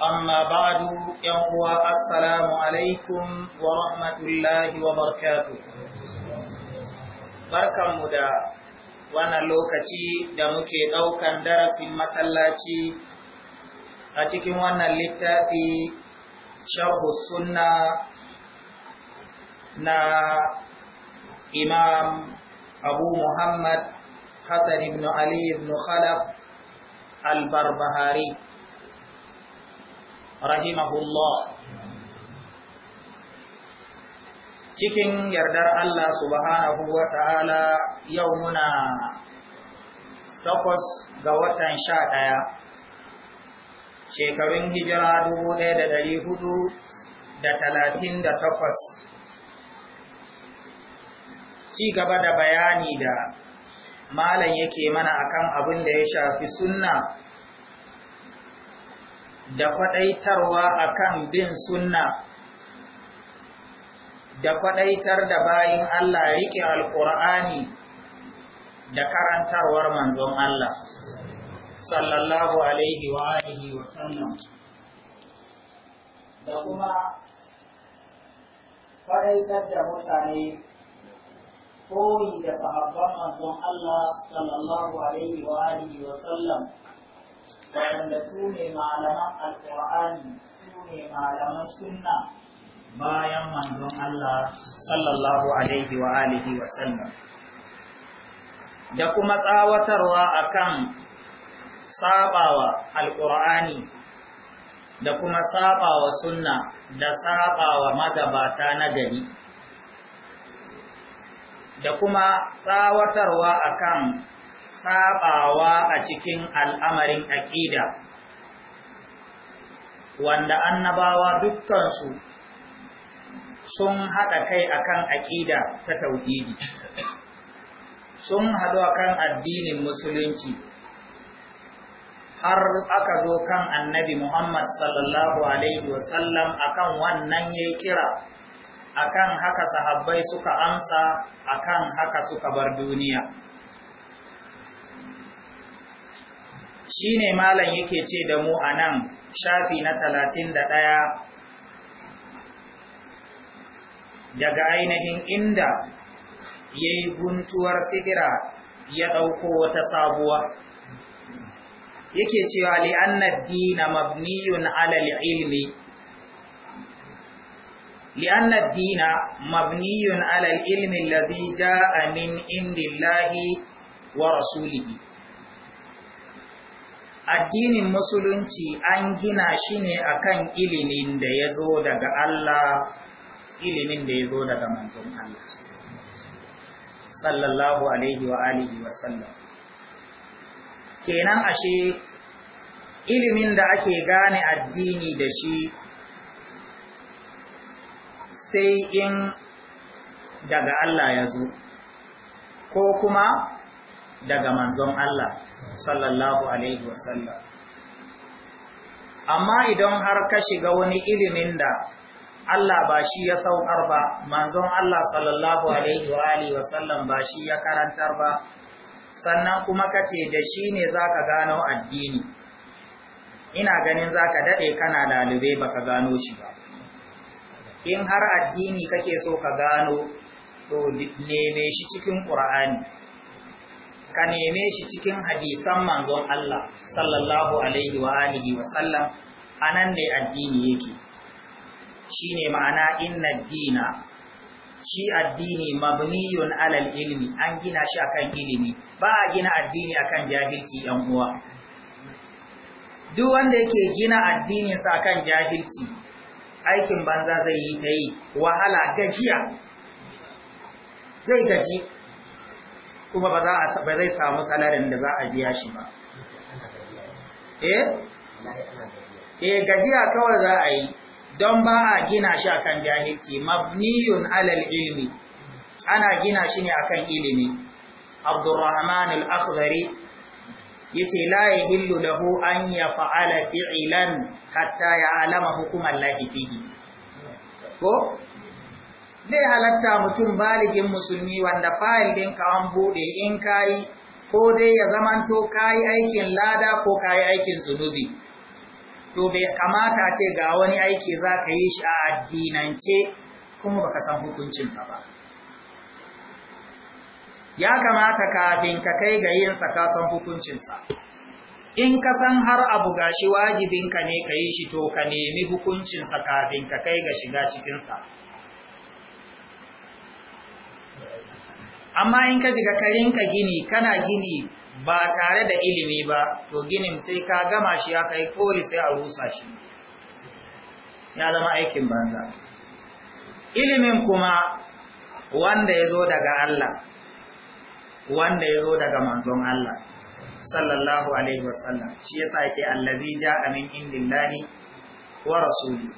أما بعد يقوى السلام عليكم ورحمة الله وبركاته بركة مدى وانا لوكتي دمكي دوكا درس مسلاتي أتكي وانا للتافي شرح السنة نا إمام أبو محمد حسن بن علي بن خلف البربهاري rahimahullah cikin yardar Allah subhanahu wa ta'ala yau muna takwas ga watan sha ɗaya shekarun hijira dubu ɗaya da ɗari hudu da talatin da takwas ci gaba da bayani da malam yake mana akan abin da ya shafi sunna da kwadaitarwa akan bin sunna da kwadaitar da bayin Allah rike alqur'ani da karantarwar manzon Allah sallallahu alaihi wa alihi wa sallam da kuma kwadaitar da mutane koyi da sahabban manzon Allah sallallahu alaihi wa alihi wa sallam waɗanda su ne malaman alƙur'ani su ne malaman sunna bayan manzon Allah sallallahu alaihi wa alihi wa sallam da kuma tsawatarwa akan sabawa alƙur'ani da kuma sabawa sunna da sabawa magabata na gari da kuma tsawatarwa akan sabawa a cikin al'amarin aƙida wanda annabawa dukkansu sun haɗa kai akan aƙida ta tauhidi sun haɗu kan addinin musulunci har aka zo kan annabi Muhammad sallallahu alaihi wasallam akan wannan ya kira akan haka sahabbai suka amsa akan haka suka bar duniya Shi ne malam yake ce da mu anan shafi na talatin da ɗaya, daga ainihin inda yayi guntuwar sigira ya ɗauko wata sabuwa yake cewa li dina mabniyun alal al-ilmi لأن الدين مبني على addinin musulunci an gina shi ne akan ilimin da ya zo daga Allah ilimin da ya zo daga manzon Allah sallallahu alaihi wa alihi wa sallam kenan ashe ilimin da ake gane addini da shi sai in daga Allah ya zo ko kuma daga manzon Allah sallallahu alaihi wasallam amma idan har ka shiga wani ilimin da Allah ba shi ya saukar ba manzon Allah sallallahu alaihi wa alihi wasallam ba shi ya karantar ba sannan kuma kace da shi ne zaka gano addini ina ganin zaka dade kana lalube baka gano shi ba in har addini kake so ka gano to neme shi cikin Qur'ani ka neme shi cikin hadisan manzon Allah sallallahu alaihi wa alihi wa sallam anan ne addini yake shine ma'ana inna dina shi addini mabniyun alal ilmi an gina shi akan ilimi ba a gina addini akan jahilci yan uwa duk wanda yake gina addininsa sa akan jahilci aikin banza zai yi ta yi wahala gajiya zai gaji kuma ba za ba zai samu salarin da za a biya shi ba eh eh gajiya kawai za a yi don ba a gina shi akan jahilci mabniyun alal ilmi ana gina shi ne akan ilimi abdurrahman al-akhdari yace la yahillu lahu an yaf'ala fi'lan hatta ya'lama hukuman lahi fihi ko zai halatta mutum baligin musulmi wanda fayil ɗin an buɗe in kayi ko dai ya zamanto kayi aikin lada ko kayi aikin zunubi to bai kamata ce ga wani aiki za ka yi shi a addinance kuma baka san hukuncin ka ba ya kamata kafin ka kai ga yinsa ka san hukuncinsa in ka san har abu gashi wajibinka ne ka yi shi to ka nemi hukuncinsa kafin ka kai ga shiga cikinsa amma in ka shiga karinka gini kana gini ba tare da ilimi ba to ginin sai ka gama shi ya kai koli sai a rusa shi ya zama aikin banza ilimin kuma wanda ya zo daga Allah wanda ya zo daga manzon Allah sallallahu alaihi wasallam shi yasa yake allazi ja amin indillahi wa rasuli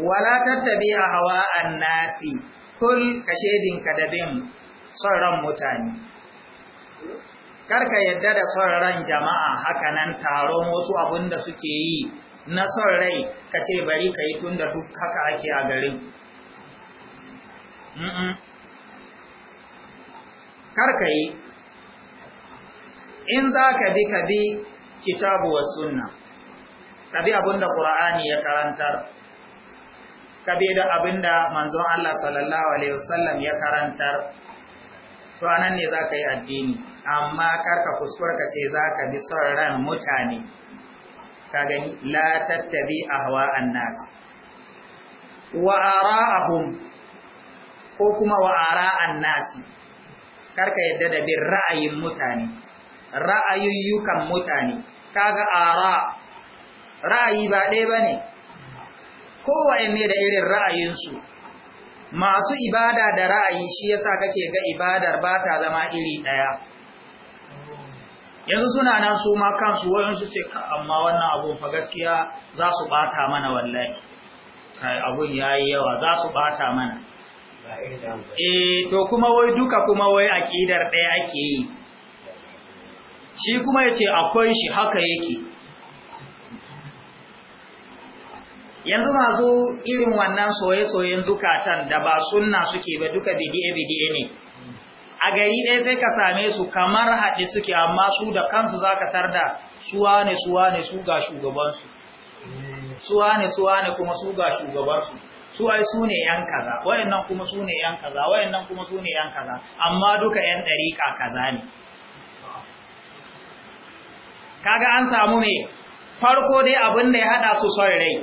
wala tattabi'a hawa annasi kul kashedin kadabin son ran mutane karka yadda da son ran jama'a nan taron wasu abin da suke yi na son rai ka ce bari ka yi tun da duk haka ake a garin karka yi in za ka bi ka bi kitabu wa suna, ka bi abin da ƙura'ani ya karantar ka bi da abin da manzon Allah sallallahu Alaihi wasallam ya karantar to anan ne za ka yi addini amma karka kuskura ka ce za ka bi son ran mutane ka gani la tattabi ahwa annas wa ara'ahum ko kuma wa annasi. Kar karka yadda da bin ra'ayin mutane ra'ayoyukan mutane kaga ara ra'ayi ba ɗaya bane kowa ne da irin ra'ayinsu masu ibada da ra'ayi shi yasa kake ga ibadar ba ta zama iri ɗaya yanzu suna nan su ma kansu su ce amma wannan abun fa gaskiya za su bata mana wallahi kai abun yayi yawa za su bata mana eh to kuma wai duka kuma wai akidar ɗaya ake yi shi kuma yace akwai shi haka yake yanzu masu irin wannan soye-soyen zukatan da ba sunna suke ba duka bidiye-bidiye ne a gari ɗaya sai ka same su kamar haɗe suke amma su da kansu za ka tarda suwa ne suwa ne su ga shugabansu suwa ne suwa ne kuma su ga shugabansu su ai su ne yan kaza wayannan kuma su ne yan kaza wayannan kuma su ne yan kaza amma duka yan ɗariƙa kaza ne kaga an samu me farko dai abin da ya haɗa su sai rai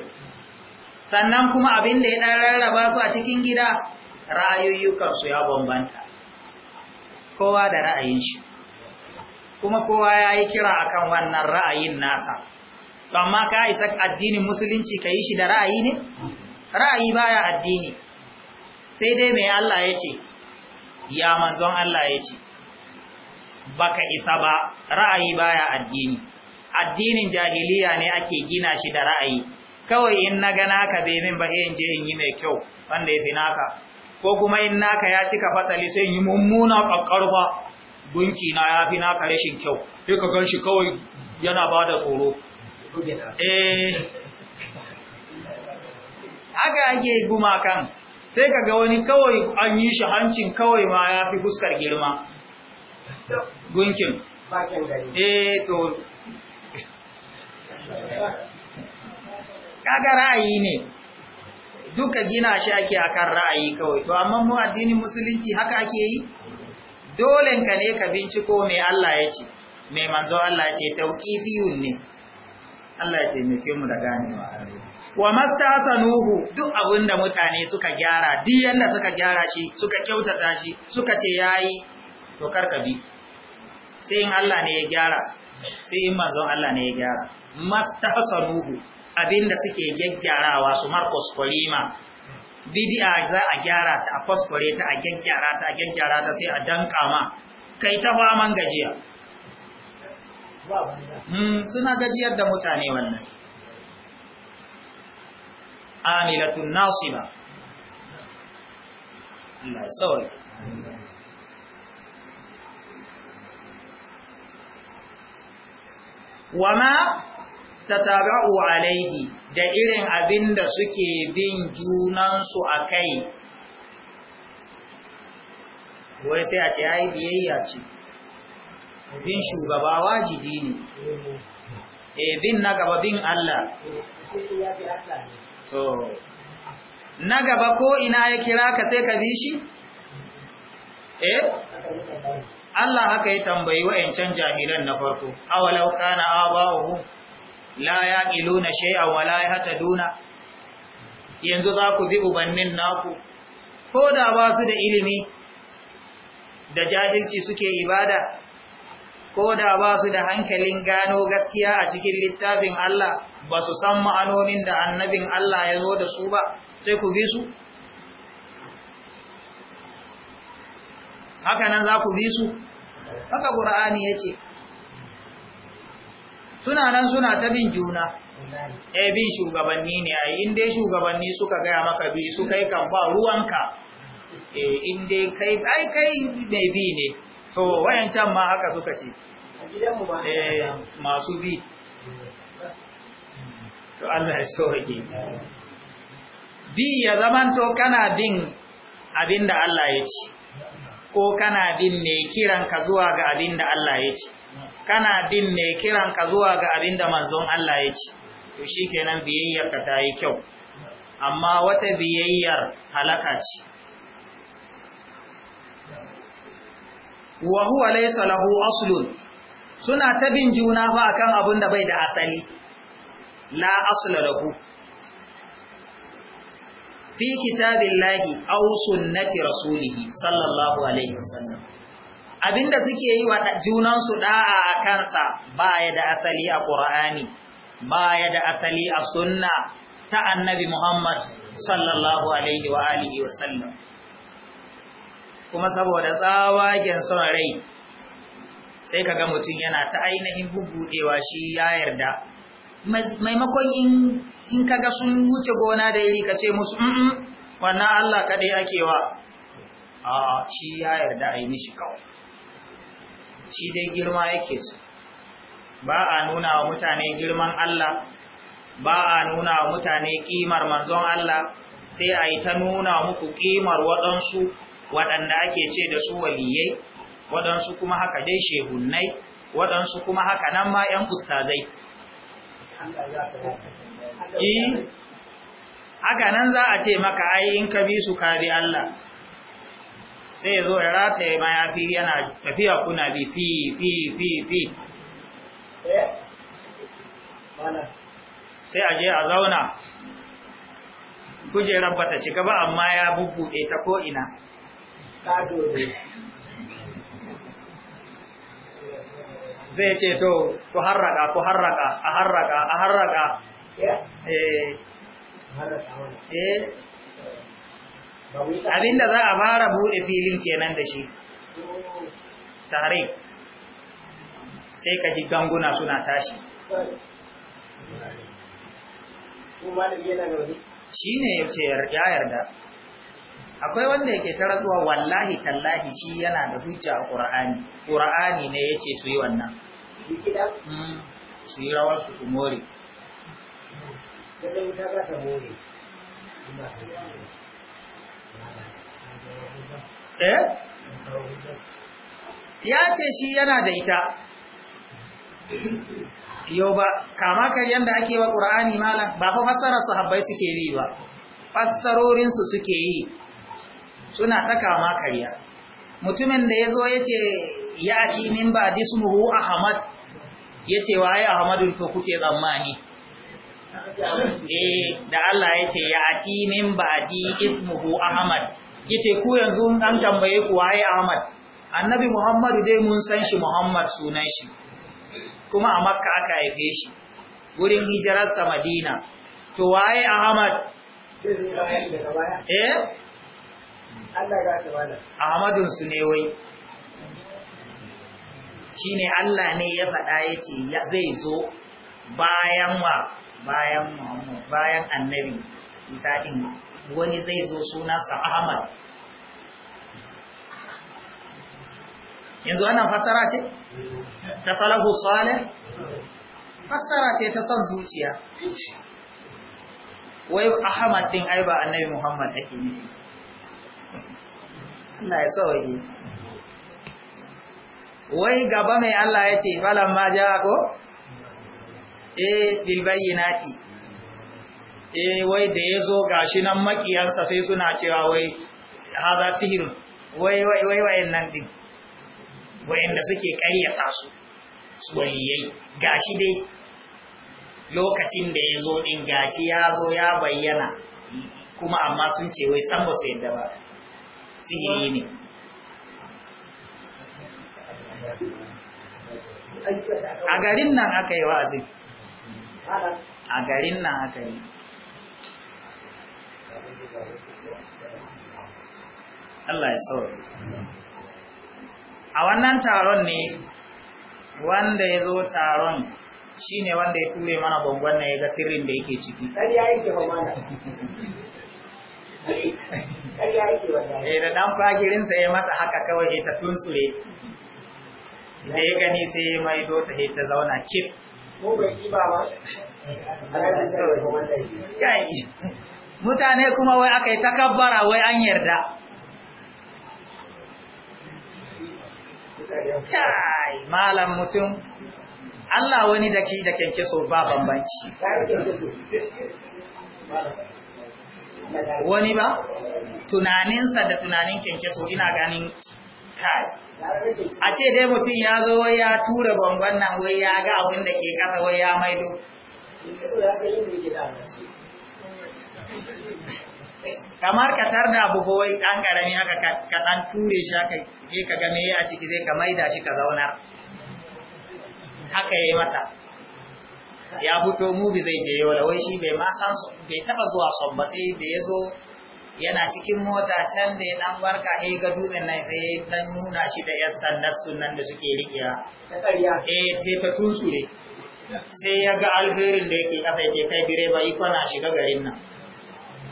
sannan kuma abin da ya ɗan rarraba su a cikin gida ra'ayoyukansu ya bambanta kowa da ra'ayin shi kuma kowa ya yi kira kan wannan ra'ayin nasa amma ka isa addinin musulunci ka yi shi da ra'ayi ne ra'ayi baya addini sai dai mai Allah ya ce ya manzon Allah ya ce baka isa ba ra'ayi baya addini addinin jahiliya ne ake gina shi da ra'ayi kawai in na gana ka be min ba eh, in je in yi mai kyau wanda ya fi naka ko kuma in naka ya cika fasali sai in yi mummuna ba gunki na ya fi naka rashin kyau sai ka gan shi kawai yana ba da tsoro eh. haka ake gumakan sai ka ga wani kawai an yi shi hancin kawai ma ya fi fuskar girma gunkin eh to kaga ra'ayi ne duka gina shi ake akan ra'ayi kawai to amma mu addinin musulunci haka ake yi Dole ka ne ka binciko mai Allah ya ce mai manzo Allah ya ce tauqifiyun ne Allah ya taimake mu da ganewa wa mastahsanuhu duk abinda mutane suka gyara duk yanda suka gyara shi suka kyautata shi suka ce yayi to karka bi sai in Allah ne ya gyara sai in manzon Allah ne ya gyara mastahsanuhu abinda suke gyaggyarawa su Marcos Kolima bidi'a za a gyara ta a kwaskware ta a gyaggyara ta a gyaggyara ta sai a danka ma kai ta man gajiya hmm, suna gajiyar da mutane wannan amilatun nasiba Allah sauri ma tataba'u alaihi da irin abin da suke bin junansu a kai wai sai a ce ai biyayya ce bin shugaba wajibi ne e bin na gaba bin Allah so na gaba ko ina ya kira ka sai ka bi shi eh Allah haka ya tambayi wa'ancan jahilan na farko awalau kana abahu la ya yaqiluna shay'an wa la duna yanzu za ku bi ubannin naku ko da ba su da ilimi da jahilci suke ibada ko da ba su da hankalin gano gaskiya a cikin littafin Allah ba su san ma'anonin da annabin Allah ya zo da su ba sai ku bi su haka nan za ku bi su haka ƙur'ani ya ce suna nan suna ta bin juna eh bin shugabanni ne ai in dai shugabanni suka gaya maka bi su kai kan ba ruwanka eh in dai kai ai kai mai bi ne to wayancan ma haka suka ce eh masu bi to Allah ya sauke bi ya to kana bin abinda Allah ya ce ko kana bin mai kiran ka zuwa ga abinda Allah ya ce kana bin mai kiran ka zuwa ga abinda da manzon Allah ya ce to shi kenan biyayyar ka ta yi kyau amma wata biyayyar halaka ce wa huwa laysa lahu aslun suna ta bin juna fa akan abin da bai da asali la asla lahu fi kitabillahi aw sunnati rasulihi sallallahu alaihi wasallam abinda suke yi wa junansu da'a a kansa baya da asali a ƙura'ani baya da asali a sunna ta annabi muhammad sallallahu alaihi wa alihi wa sallam kuma saboda tsawagen son rai sai kaga mutum yana ta ainihin bubudewa shi ya yarda maimakon in kaga sun wuce gona da iri kace musu mm wannan Allah kaɗai akewa? wa a shi ya yarda ai mishi kawai shi dai girma yake so ba a nuna wa mutane girman Allah ba a nuna wa mutane kimar manzon Allah sai a yi ta nuna muku kimar waɗansu waɗanda ake ce da su waliyai waɗansu kuma haka dai shehunnai waɗansu kuma haka nan ma ‘yan kustazai eh, haka nan za a ce maka ayi in ka bi su ka bi Allah sai zo ya rata ya maya fi yana tafiya kuna bi fi fi fi fi eh? sai a je a zauna kuje rabata cika ba amma ya bubbuɗe ta ko'ina zai ce to ku harraka ku harraka a harraka a harraka eh, eh. abinda za a fara buɗe filin kenan da shi tare. sai ka ji ganguna suna tashi shi ne ya yarda akwai wanda yake tara zuwa wallahi tallahi shi yana da hujja a ƙura'ani ƙura'ani ne ya ce su yi wannan su yi rawar su su more Eh? ya ce shi yana da ita yau ba kama karyar da ake wa ƙura'ani malam ba fa fassarar sahabbai suke bi ba fassarorinsu suke yi suna ta kama karya mutumin da ya zo ya ce ya min ba dismuhu ahmad ya ce ya ahmadu to kuke tsammani eh da Allah ya ce ya aki min ba dismuhu ahmad yace ku yanzu an tambaye ku waye Ahmad annabi Muhammadu dai mun san shi Muhammad sunan shi kuma a Makka aka haife shi gurin hijirar sa Madina to waye Ahmad eh Allah ya ta Ahmadun su ne wai shine Allah ne ya faɗa yace zai zo bayan wa bayan Muhammad bayan annabi Isa din wani zai zo sunansa Ahmad yanzu wannan fassara ce ta salahu salih fassara ce ta son zuciya wai Ahmad din ai ba Annabi Muhammad ake ne Allah ya tsawaye wai gaba mai Allah ya ce falan ma ja ko eh bil bayyinati e wai da ya zo gashi nan makiyarsa sai suna cewa wai haza sihir wai wai wai nan din wayanda suke ƙaryata su su waliyai gashi dai lokacin da ya zo din gashi ya zo ya bayyana kuma amma sun ce wai san ba su yadda ba sihiri ne a garin nan aka yi wa'azin a garin nan aka yi Allah ya sauri. a wannan taron ne wanda ya zo taron shi ne wanda ya ture mana bangon na ya ga sirrin da yake ciki Eh da dan fagirinsa ya mata haka kawai ta tunsure da ya gani sai ya maido ya ta zauna kip ko bai ba ba mutane kuma wai aka yi takabbara wai an yarda kai malam mutum Allah wani da ke da kyankyaso so ba bambanci wani ba tunaninsa da tunanin kyankyaso so ina ganin kai a ce dai mutum ya zo wai ya tura bangon nan wai ya ga abin da ke kasa wai ya maido kamar ka tarda abu ko wai ɗan ƙarami aka ka ɗan ture shi aka je ka ga a ciki zai ka maida shi ka zauna, haka yi mata ya fito mubi zai je yau wai shi bai ma san bai taɓa zuwa son ba sai da ya yana cikin mota can da ya dan barka he ga dutsen nan sai dan nuna shi da yar sandar sunan da suke rikiya ta eh sai ta tunsure sai ya ga alherin da yake kasa yake kai direba ikona shiga garin nan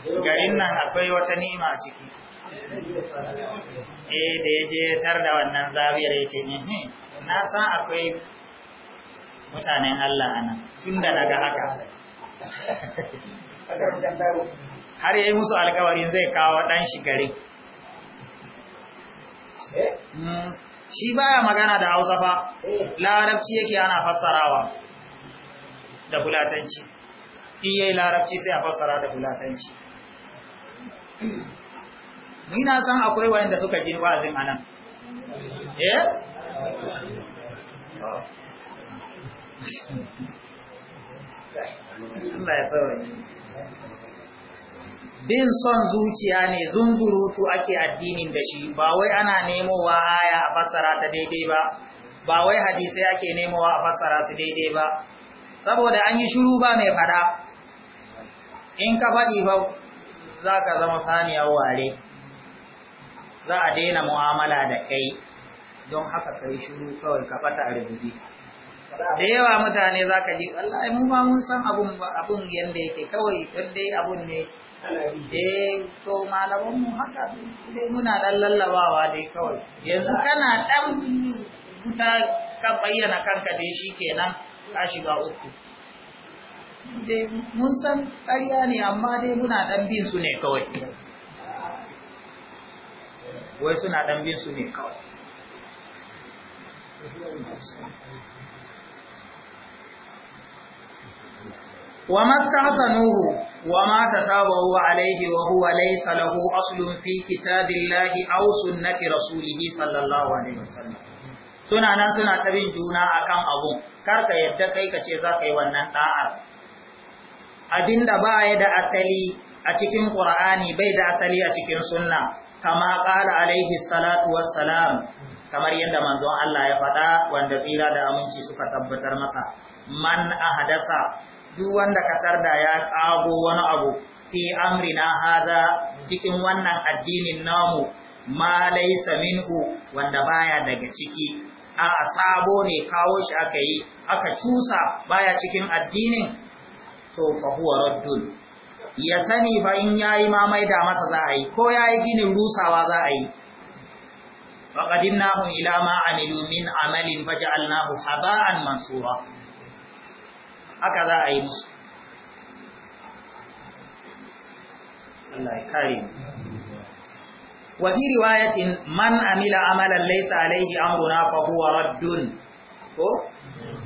garin nan akwai wata nima a ciki eh da ya je tar da wannan zabiyar ya ne na san akwai mutanen Allah a nan tun da na haka har ya musu alƙawarin zai kawo ɗan shi garin hmm, shi baya magana da hausa fa larabci yake ana fassarawa da fulatanci in yayi larabci sai a fassara da fulatanci Mina san akwai wanda suka ji wa'azin anan eh bin son zuciya ne zunzurutu ake addinin da shi ba wai ana nemo wa aya a fassara ta daidai ba ba wai hadisai ake wa a fassara su daidai ba saboda an yi shuru ba mai fada in ka faɗi ba za ka zama saniyar ware za a daina mu'amala da kai don haka kai shiru kawai ka fata a da yawa mutane za ka ji wallahi mun ba mun san abun abun yanda yake kawai don dai abun ne eh to malaman mu haka dai muna dan lallabawa dai kawai yanzu kana dan wuta ka bayyana kanka dai kenan ka shiga uku mun san ƙarya ne amma dai muna ɗan bin su ne kawai wai suna ɗan bin su ne kawai wa mastahasanuhu wa ma tatabawu alayhi wa huwa laysa lahu aslun fi kitabillahi aw sunnati rasulih sallallahu alaihi wasallam suna nan suna tabin juna akan abun karka yadda kai kace za ka yi wannan da'ar abinda ba ya da asali a cikin ƙura'ani bai da asali a cikin sunna kama ƙala alaihi salatu wassalam kamar yadda manzon Allah ya faɗa wanda tsira da aminci suka tabbatar masa man ahadasa duk wanda katar da ya ƙago wani abu fi amrina haza cikin wannan addinin namu ma laysa minhu wanda baya daga ciki a sabo ne kawo shi aka yi aka cusa baya cikin addinin to fa huwa raddun ya sani fa in yayi ma da masa za a yi ko yayi ginin rusawa za a yi fa faqadinnahu ila ma amilu min amalin faj'alnahu haba'an mansura haka za a yi musu Allah ya kare wa fi riwayatin man amila amalan laysa alayhi amruna fa huwa raddun ko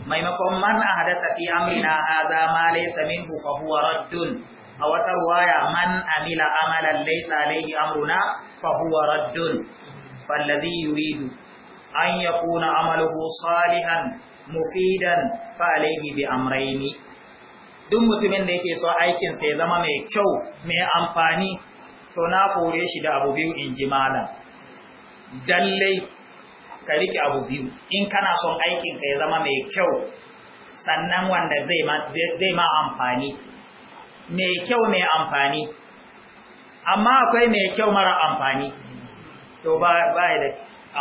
maimakon man hadata fi amina hadha ma laisa minhu fa huwa raddun a wata ruwaya man amila amalan laisa alayhi amruna fa huwa raddun fallazi yuridu an yakuna amaluhu salihan mufidan fa alayhi bi amraini. duk mutumin da yake so aikin sai zama mai kyau mai amfani to na kore shi da abu biyu in ji malam Dallai. ka rike abu biyu in kana son aikin ka ya zama mai kyau sannan wanda zai ma amfani mai kyau mai amfani amma akwai mai kyau mara amfani to ba ya da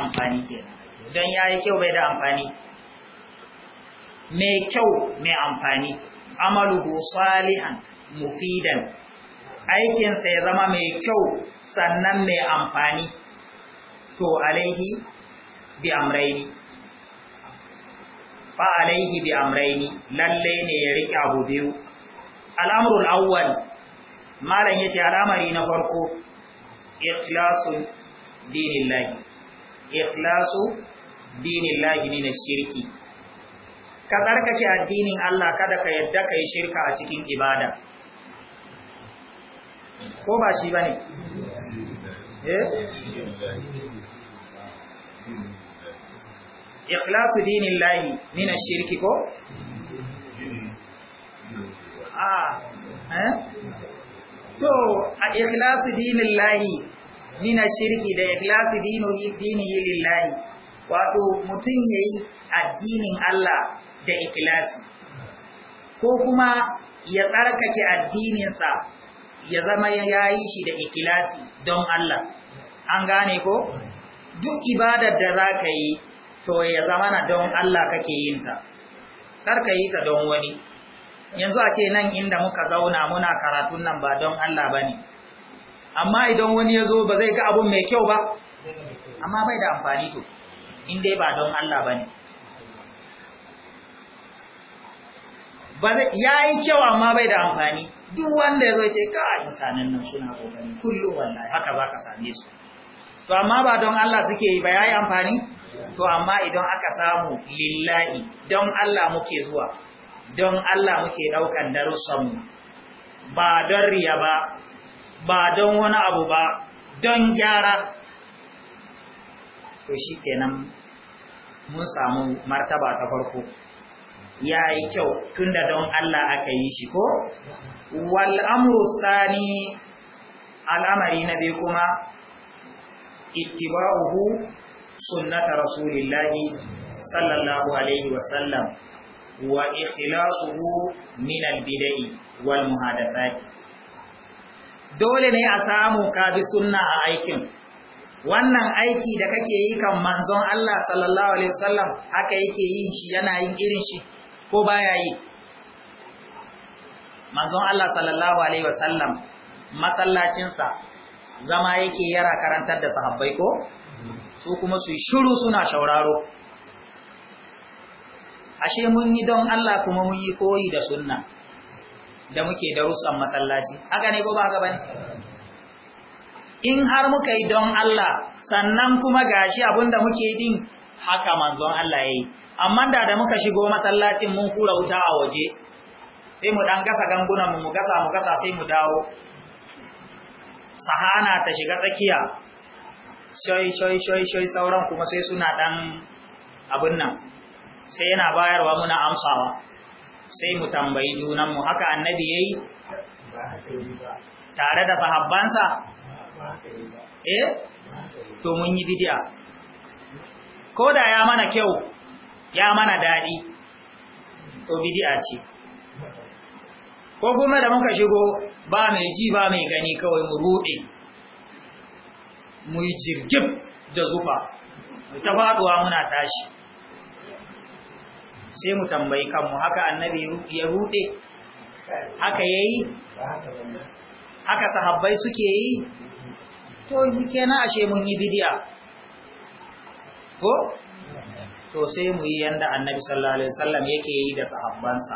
amfani kenan don ya yi kyau bai da amfani mai kyau mai amfani amaluhu salihan mufidan aikinsa ya zama mai kyau sannan mai amfani to alaihi bi fa alaihi bi amraini lalle ne ya rike abu biyu al'amrul awwal malam yace al'amari na farko ikhlasu dinillahi ikhlasu dinillahi min ash-shirki ka tsarkake addinin Allah kada ka yadda kai shirka a cikin ibada ko ba shi bane eh ikhlasu dinillahi min ash-shirki ko a ah, eh to a ikhlasu dinillahi min ash-shirki da ikhlasu dinihi dinihi lillahi wato mutun yayi addinin Allah da ikhlasi ko kuma ya tsarkake addininsa ya zama ya yi shi da ikilasi don Allah an gane ko duk ibadar da za ka yi to ya zamana don Allah kake yin ta kar ka yi ta don wani yanzu a ce nan inda muka zauna muna karatun nan ba don Allah bane amma idan wani ya zo ba zai ga abun mai kyau ba amma bai da amfani to in dai ba don Allah bane ya yi kyau amma bai da amfani duk wanda ya zo ce ka mutanen nan suna kokari kullum wallahi haka zaka ka same su to amma ba don Allah suke yi ba ya yi amfani to amma idan aka samu lillahi don Allah muke zuwa don Allah muke daukan darussanmu ba don riya ba ba don wani abu ba don gyara to shi kenan mun samu martaba ta farko ya yi kyau tunda don Allah aka yi shi ko wal amru tsani al'amari na biyu kuma ittiba'uhu sunnata rasulillahi sallallahu alaihi wasallam wa ikhlasuhu min albidai wal muhadathati dole ne a samu ka bi sunna a aikin wannan aiki da kake yi kan manzon Allah sallallahu alaihi wasallam haka yake yin shi yana yin irin shi ko baya yi manzon Allah sallallahu alaihi wasallam masallacinsa zama yake yara karantar da sahabbai ko su kuma su yi shiru suna shauraro ashe mun yi don Allah kuma mun yi koyi da sunna da muke darussan masallaci haka ne ko ba bane in har muka yi don Allah sannan kuma gashi abinda muke din haka manzon Allah ya yi. amma da da muka shigo masallacin mun kura wuta a waje sai mu dan gasa gangunan mu gasa mu gasa sai mu dawo sahana ta shiga tsakiya shoi shoi shoi sauran kuma sai suna ɗan abin nan sai yana bayarwa muna amsawa sai mu tambayi mu. haka annabi yayi tare da sahabbansa eh to mun yi bidiya. ko da ya mana kyau ya mana daɗi, to bidiya ce ko kuma da muka shigo ba mai ji ba mai gani kawai mu rude mu yi jirgin da zufa ta faduwa muna tashi sai mu tambayi kanmu haka annabi ya rude haka yayi haka sahabbai suke yi to na ashe mun yi bidiya ko to sai mu yi yanda annabi sallallahu alaihi wasallam yake yi da sahabbansa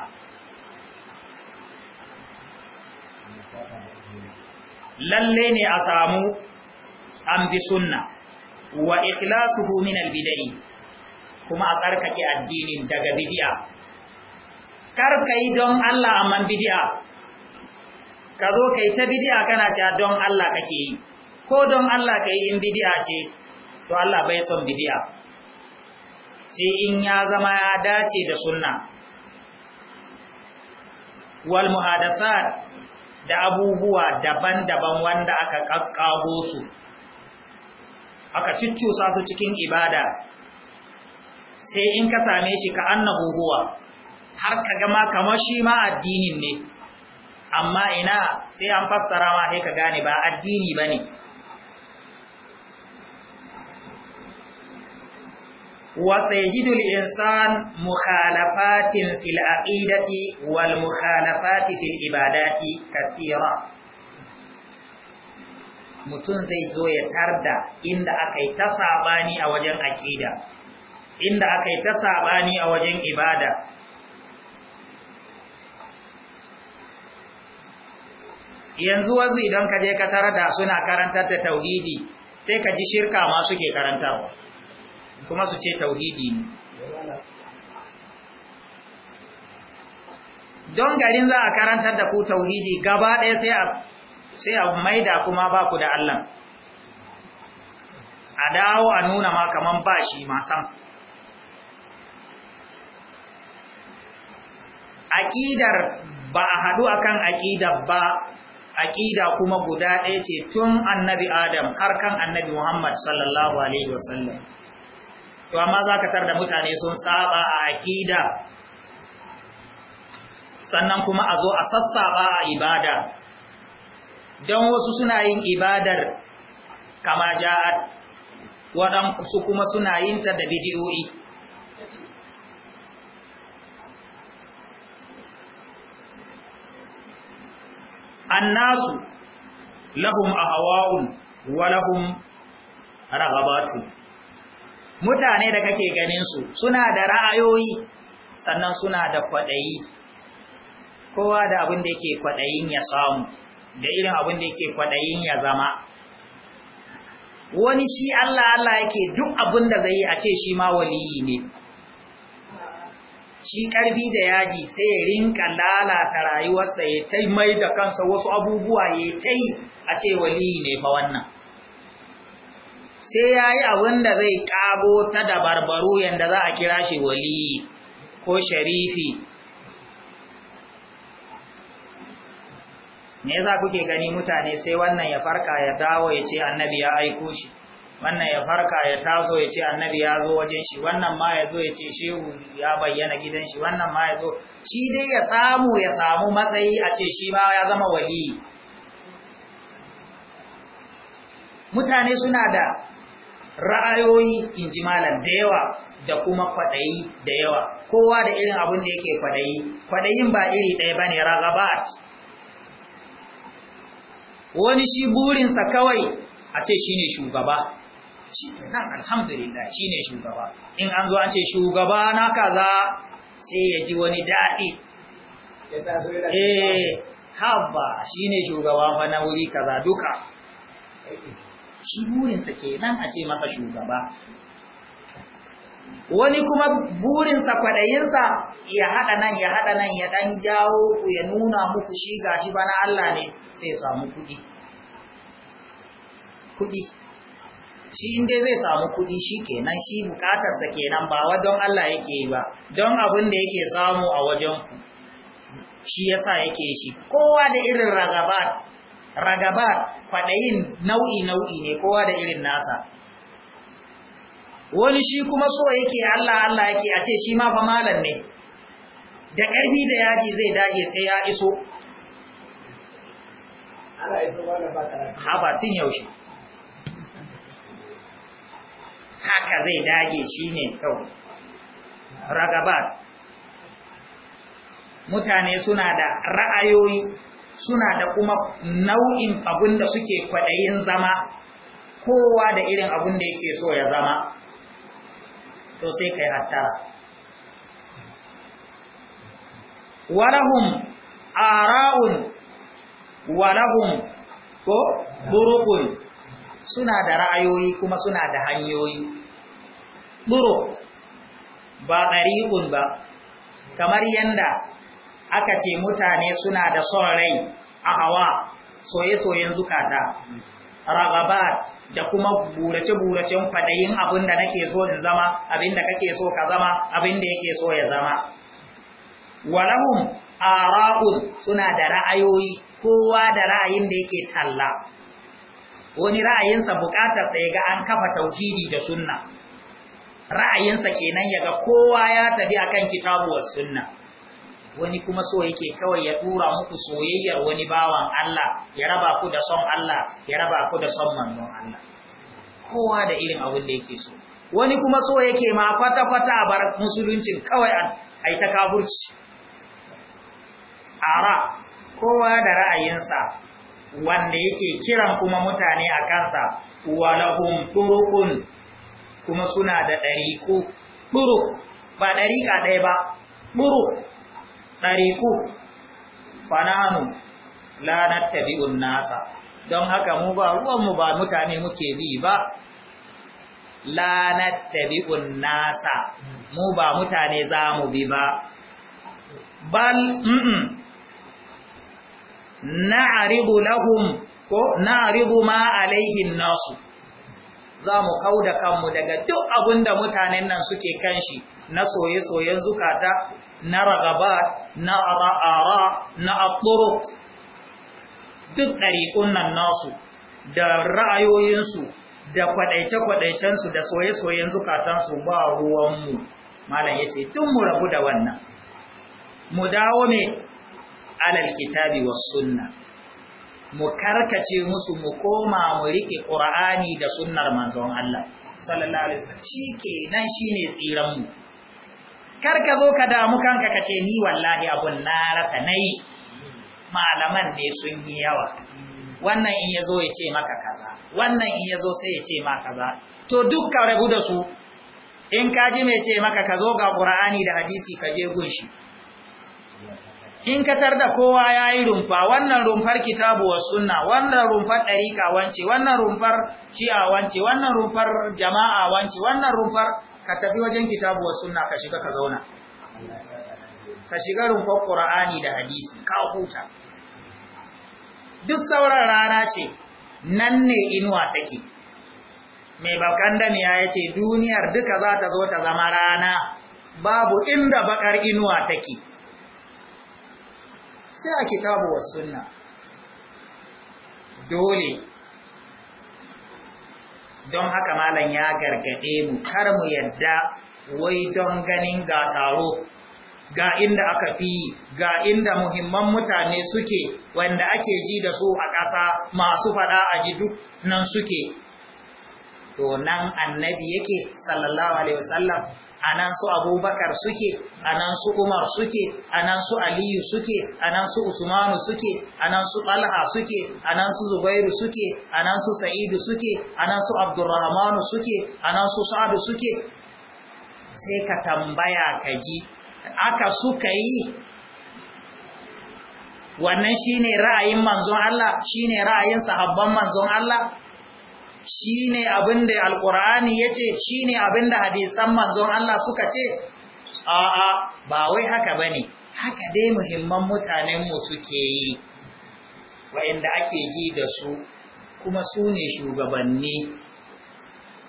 lalle ne a samu an bi sunna wa ikhlasuhu min albidai kuma a tsarkake addinin daga bid'a kar don Allah amman bid'a ka zo kai ta bid'a kana ta don Allah kake yi ko don Allah kai in bid'a ce to Allah bai son bid'a sai in ya zama ya dace da sunna wal muhadathat da abubuwa daban-daban wanda aka kakkago su aka cuccusa su cikin ibada sai in ka same shi ka annahu huwa har ka gama kamar shi ma addinin ne amma ina sai an fassara ma sai ka gane ba addini ba ne insan mukhalafatin fil aqidati wal mukhalafati fil ibadati katira mutum zai zo ya tarda inda aka yi ta sabani a wajen aƙida inda aka yi ta sabani a wajen ibada yanzu wasu idan ka je ka tarda suna karantar da tauhidi sai ka ji shirka ma suke karantawa kuma su ce tauhidi ne don garin za a karantar da ku tauhidi gaba ɗaya sai a sai a maida kuma ba ku da Allah a dawo a nuna ma kaman ba shi ma sam aqidar ba a hadu akan aqidar ba aƙida kuma guda ɗaya ce tun annabi Adam har kan annabi Muhammad sallallahu alaihi wasallam to amma za tar tarda mutane sun saba a aƙida? sannan kuma a zo a sassaba a ibada don wasu suna yin ibadar kama ja'ad waɗansu kuma suna yin ta da bidiyoyi nasu, lahum a hawa'un wa lahum raghabatun mutane da kake ganin su suna da ra'ayoyi sannan suna da kwaɗayi kowa da abin da yake kwaɗayin ya samu da irin abin da yake kwaɗayin ya zama wani shi Allah Allah yake duk abin da zai yi a ce shi ma waliyi ne shi ƙarfi da yaji sai ya rinka lalata rayuwarsa ya taimai da kansa wasu abubuwa ya ta a ce waliyi ne fa wannan sai ya yi abin da zai ƙago ta da dabarbaru yadda za a kira shi waliyi ko sharifi me yasa kuke gani mutane sai wannan ya farka ya dawo ya ce annabi ya aiko shi wannan ya farka ya taso ya ce annabi ya zo wajen shi wannan ma ya zo ya ce shehu ya bayyana gidan shi wannan ma ya zo shi dai ya samu ya samu matsayi a ce shi ma ya zama wali mutane suna da ra'ayoyi in da yawa da kuma kwaɗayi da yawa kowa da irin abin da yake kwaɗayi kwaɗayin ba iri ɗaya bane ne ragabat wani shi burinsa kawai a ce shine shugaba shi nan alhamdulillah shine shugaba in an zo an ce shugaba na kaza sai ya ji wani daɗi eh haba shine shugaba fa na wuri kaza duka shi burinsa nan a ce masa shugaba wani kuma burinsa kwaɗayinsa ya haɗa nan ya haɗa nan ya ɗan jawo ku ya nuna muku shi gashi ba na Allah ne sai ya samu kuɗi kuɗi shi inda zai samu kuɗi shi kenan shi bukatarsa kenan ba wa don Allah yake yi ba don abin da yake samu a wajen ku shi yasa yake shi kowa da irin ragabar ragabat kwaɗayin nau'i nau'i ne kowa da irin nasa wani shi kuma so yake Allah Allah yake a ce shi ma fa malam ne da ƙarfi da yaji zai dage sai ya iso haba yaushe haka zai dage shi ne kawai ragabat mutane suna da ra'ayoyi suna da kuma nau'in abin da suke kwaɗayin zama kowa da irin abin da yake so ya zama to sai kai hattara Warahun ara'un walahum ko burukun suna da ra'ayoyi kuma suna da hanyoyi buruk ba ɗari'un ba kamar yanda aka ce mutane suna da son rai a hawa soye-soyen zukata ragabat da kuma burace-buracen fadayin abinda nake so in zama abinda kake so ka zama abinda yake so ya zama walahum ara'un suna da ra'ayoyi kowa da ra'ayin da yake talla wani ra'ayinsa bukatar sai ga an kafa tauhidi da sunna ra'ayinsa kenan ya ga kowa ya tafi akan kitabuwar sunna wani kuma so yake kawai ya tura muku soyayyar wani bawan Allah ya raba ku da son Allah ya raba ku da son manzon Allah kowa da irin abin da yake so wani kuma so yake ma kwata-kwata a bar musuluncin kawai a ta kafurci ara kowa da ra'ayinsa wanda yake kiran kuma mutane a kansa walahum turukun kuma suna da ɗariku turuk ba ɗariƙa ɗaya ba turuk ɗariku fananu la tabi'un nasa don haka mu ba ruwanmu ba mutane muke bi ba la tabi'un nasa mu ba mutane za mu bi ba bal na'ridu lahum ko ma alaihin nasu za mu da kanmu daga duk abinda mutanen nan suke kanshi na soye-soyen zukata na ragaba na ara na aturuk duk ɗariƙun nan nasu da ra'ayoyinsu da kwaɗaice-kwaɗaicensu da soye-soyen zukatansu ba ruwanmu malam ya ce tun mu rabu da wannan mu dawo mai alal kitabi was sunna mu karkace musu mu koma mu rike qur'ani da sunnar manzon Allah sallallahu alaihi wasallam nan shine tsiran mu karka zo ka damu kanka kace ni wallahi abun na rasa nayi malaman ne sun yi yawa wannan in yazo ya ce maka kaza wannan in yazo sai ya ce maka kaza to duk rabu da su in ka ji mai ce maka ka zo ga qur'ani da hadisi ka je gunshi in ka da kowa ya yi rumfa wannan rumfar kitabu wa sunna wannan rumfar ɗariƙa wance wannan rumfar shi'a wance wannan rumfar jama'a wance wannan rumfar ka tafi wajen kitabu wa sunna ka shiga ka zauna ka shiga rumfar ƙura'ani da hadisi ka huta duk sauran rana ce nan ne inuwa take mai bakan damiya ya ce duniyar duka za ta zo ta zama rana babu inda bakar inuwa take sai a kitabu wa sunna dole don haka malam ya gargade mu kar mu yadda wai don ganin ga taro ga inda aka fi ga inda muhimman mutane suke wanda ake ji da su a ƙasa masu faɗa a ji duk nan suke to nan annabi yake sallallahu alaihi wasallam anan su abubakar suke anan su umar suke anan su aliyu suke anan su usmanu suke anan su talha suke anan su zubairu suke anan su sa'idu suke anan su abdurrahmanu suke anan su sa'adu suke sai ka tambaya ka ji aka suka yi wannan shine ra'ayin manzon Allah shine ra'ayin sahabban manzon Allah shine abin da alqur'ani yace shine abin da hadisan manzon Allah suka ce a'a ba wai haka bane haka dai muhimman mutanen mu suke yi wa'inda ake ji da su kuma su ne shugabanni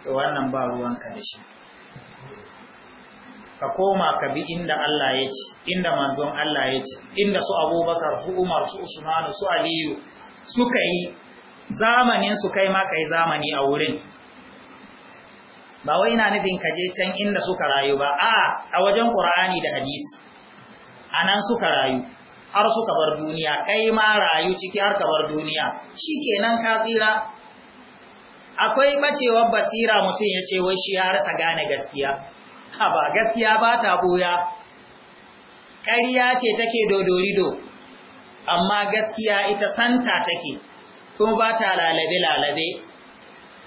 to wannan ba ruwanka da shi ka koma ka bi inda Allah ya ce inda manzon Allah ya ce inda su abubakar su umar su usmanu su aliyu suka yi zamanin su kai ma kai zamani a wurin ba wai ina nufin ka je can inda suka rayu ba a a wajen qur'ani da hadisi anan suka rayu har suka bar duniya kai ma rayu ciki har ka bar duniya shikenan ka tsira akwai bacewar basira mutum ya ce wai shi ya rasa gane gaskiya ba gaskiya ba ta buya ƙarya ce take dodorido amma gaskiya ita santa take kuma ba ta lalabe-lalabe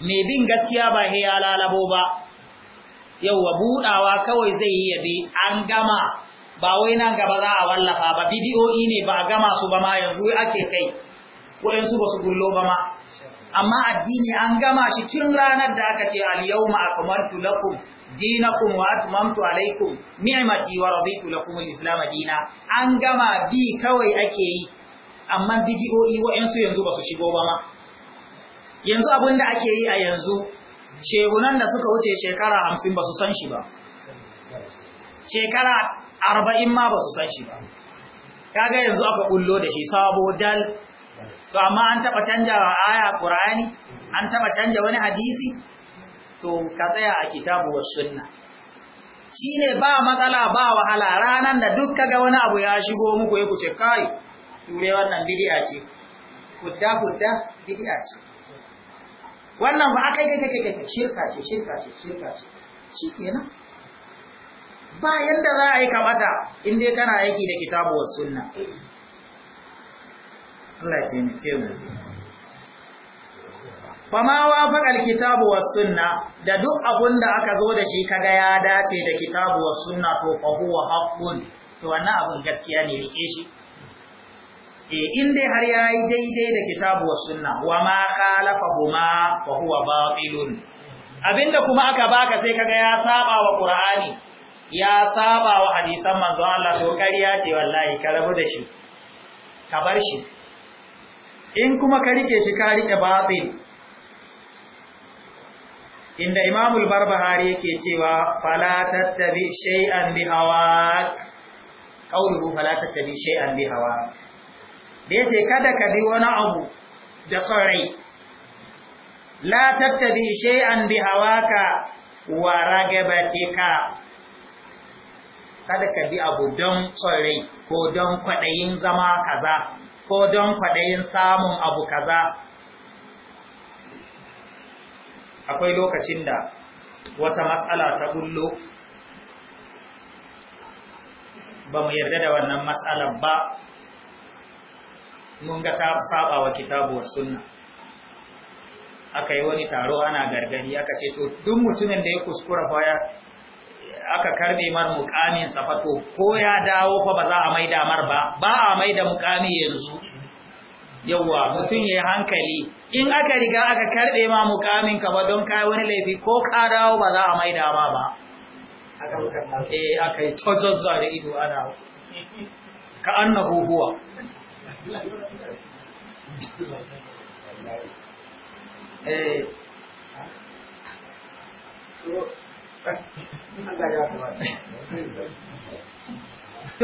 mai bin gaskiya ba ya lalabo ba yauwa budawa kawai zai yi yabe an gama ba wai nan gaba za a wallafa ba bidiyoyi ne ba a gama su ba ma yanzu ake kai waɗansu ba su gullo ba ma amma addini an gama shi tun ranar da aka ce al-yawma akmaltu lakum dinakum wa atmamtu alaykum ni'mati wa raditu lakum al-islam dina an gama bi kawai ake yi amma bidiyoyi wa'yansu yanzu ba su shigo ba ma yanzu abin da ake yi a yanzu shehunan da suka wuce shekara hamsin ba su san shi ba shekara arba'in ma ba su san shi ba kaga yanzu aka kullo da shi sabo dal to amma an taba canja aya qur'ani an taba canja wani hadisi to ka tsaya a kitabu wa sunna ne ba matsala ba wahala ranar da duk kaga wani abu ya shigo muku ya kuce kai ture wannan bidi'a ce hudda hudda bidi'a ce wannan ba aka kai kai kai shirka ce shirka ce shirka ce shi kenan ba yanda za a yi kamata in dai kana aiki da kitabu wa sunna Allah ya taimake mu fama wafaqa kitabu was sunna da duk abun da aka zo da shi kaga ya dace da kitabu wa sunna to fa huwa haqqun to wannan abun gaskiya ne rike shi Eh, in dai har ya yi daidai da kitabu wa sunna wa ma kalafa huma fa huwa batilun abinda kuma aka baka sai kaga ya saba wa qur'ani ya saba wa hadisan manzon Allah to kariya ce wallahi ka rabu da shi ka bar shi in kuma ka rike shi ka rike batil inda imamul barbahari yake cewa fala tattabi shay'an bi hawa qawluhu fala tattabi shay'an bi hawa. da kada ka bi wani abu da tsorai la tattabi shay'an bi hawaka wa ragabatika kada ka bi abu don tsorai ko don kwaɗayin zama kaza ko don kwaɗayin samun abu kaza akwai lokacin da wata matsala ta bullo ba mu yarda da wannan matsalar ba mun ga ta saba wa kitabuwar sunna aka yi wani taro ana gargadi aka ce to duk mutumin da ya kuskura fa ya aka karbe mar mukamin safa to ko ya dawo fa ba za a maida mar ba ba a maida muqami yanzu yawa mutum yayi hankali in aka riga aka karbe ma muqamin ka ba don kai wani laifi ko ka dawo ba za a maida ma ba eh aka yi tozzar da ido ana ka annahu huwa to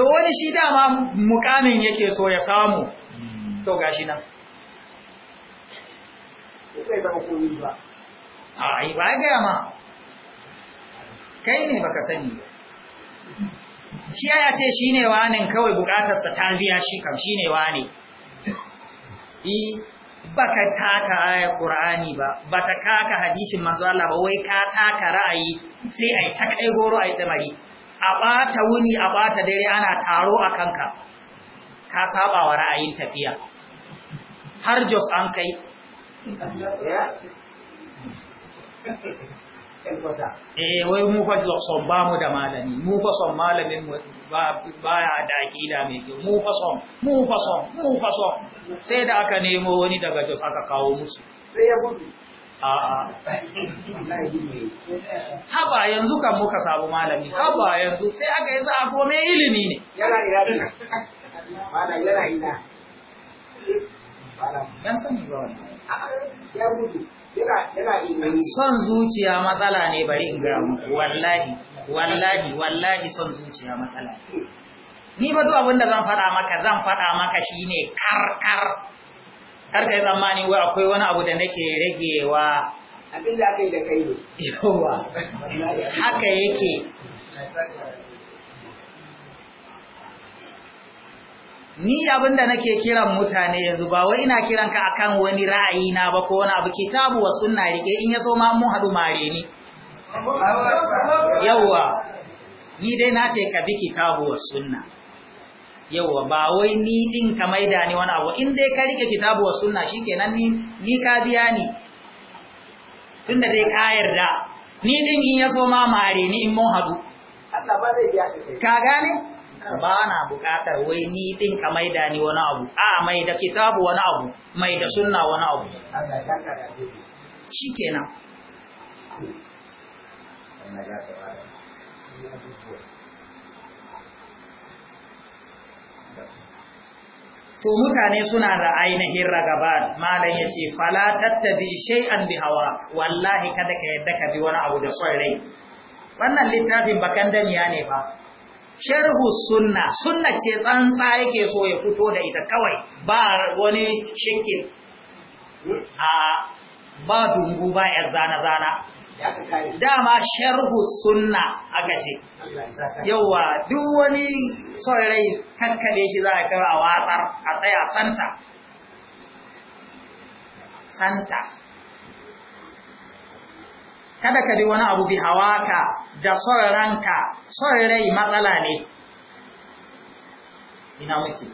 wani shi dama mukamin yake so ya samu to gashi nan a yi ba gaya ma kai ne baka sani ba shi ya ce shi ne wanin kawai bukatarsa ta biya shi kam shi ne wani baka taka aya Qur'ani ba baka kaka hadisin manzo Allah ba wai ka taka ra'ayi sai ai ta kai goro ai ta mari a bata wuni a ɓata dare ana taro a kanka ka saba wa ra'ayin tafiya har jos an kai eh wai mu fa son ba mu da malami mu fa son malamin mu ba ya da akida mai kyau mu fa son mu fa son mu fa son sai da aka nemo wani daga jos aka kawo musu sai ya gudu a'a haba yanzu kan muka samu malami haba yanzu sai aka yi za a kome ilimi ne yana ina mana yana ina yan sani ba wannan ya gudu son zuciya matsala ne bari in ga muku wallahi wallahi wallahi son zuciya matsala ne ni ba duk da zan faɗa maka zan faɗa maka shine karkar karka yi tsammani wai akwai wani abu da nake ragewa abin da aka yi da kai ne yawa haka yake ni abinda nake kiran mutane yanzu ba wai ina kiran ka akan wani ra'ayi na ba ko wani abu kitabu wa sunna rike in so ma mun hadu mare ni yawa ni dai na ce ka bi kitabu wa sunna yawa ba wai ni din ka maida ni wani abu in dai ka rike kitabu wa sunna shikenan ni ni ka biya ni tunda dai ka yarda ni din in so ma mare ni in mun hadu Allah ba zai biya ka gane ba na bukatar wai ni din ka maida ni wani abu a mai da kitabu wani abu mai da sunna wani abu shikenan to mutane suna da ainihin ragaba malam ya ce fala tattabi shay'an bi hawa wallahi kada ka yadda ka bi wani abu da son wannan littafin bakandamiya ne ba sharhu sunna sunna ce tsantsa yake so ya fito da ita kawai ba wani shakil a ba dungu ba yar zana-zana dama sharhu sunna aka ce yawa duk wani son rai kankabe shi za a kai a watsar a tsaya santa santa kada ka bi wani abu bi hawaka da son ranka son rai matsala ne ina muke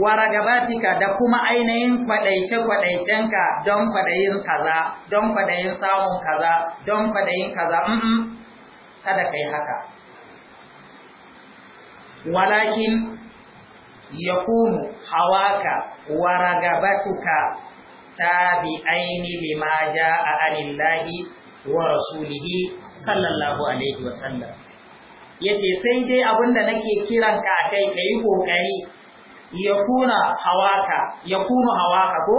waragabatika da kuma ainihin kwaɗaice-kwaɗaicenka don kwadayin kaza don kwadayin samun kaza don kwadayin kaza mm kada ka haka walakin ya kunu hawaka waragabatuka tabi'aini lima ja'a anillahi wa rasulihi sallallahu alaihi wa sallam yace sai dai abinda nake kiran ka kai kai kokari ya kuna hawaka ya kuna hawaka ko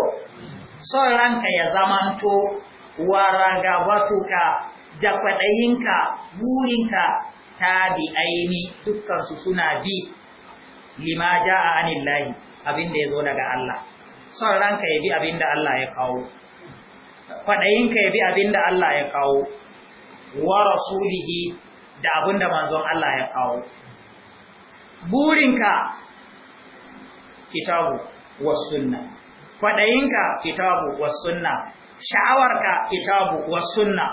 son ranka ya zamanto wa ragabatuka da kwaɗayinka burinka tabi'aini dukkan su suna bi lima ja'a anillahi abinda zo daga Allah son ranka ya bi abin da Allah ya kawo kwaɗayinka ya bi abin da Allah ya kawo wa rasulihi da abin da manzon Allah ya kawo burinka kitabu wa sunna kwaɗayinka kitabu wa sunna sha'awarka kitabu wa sunna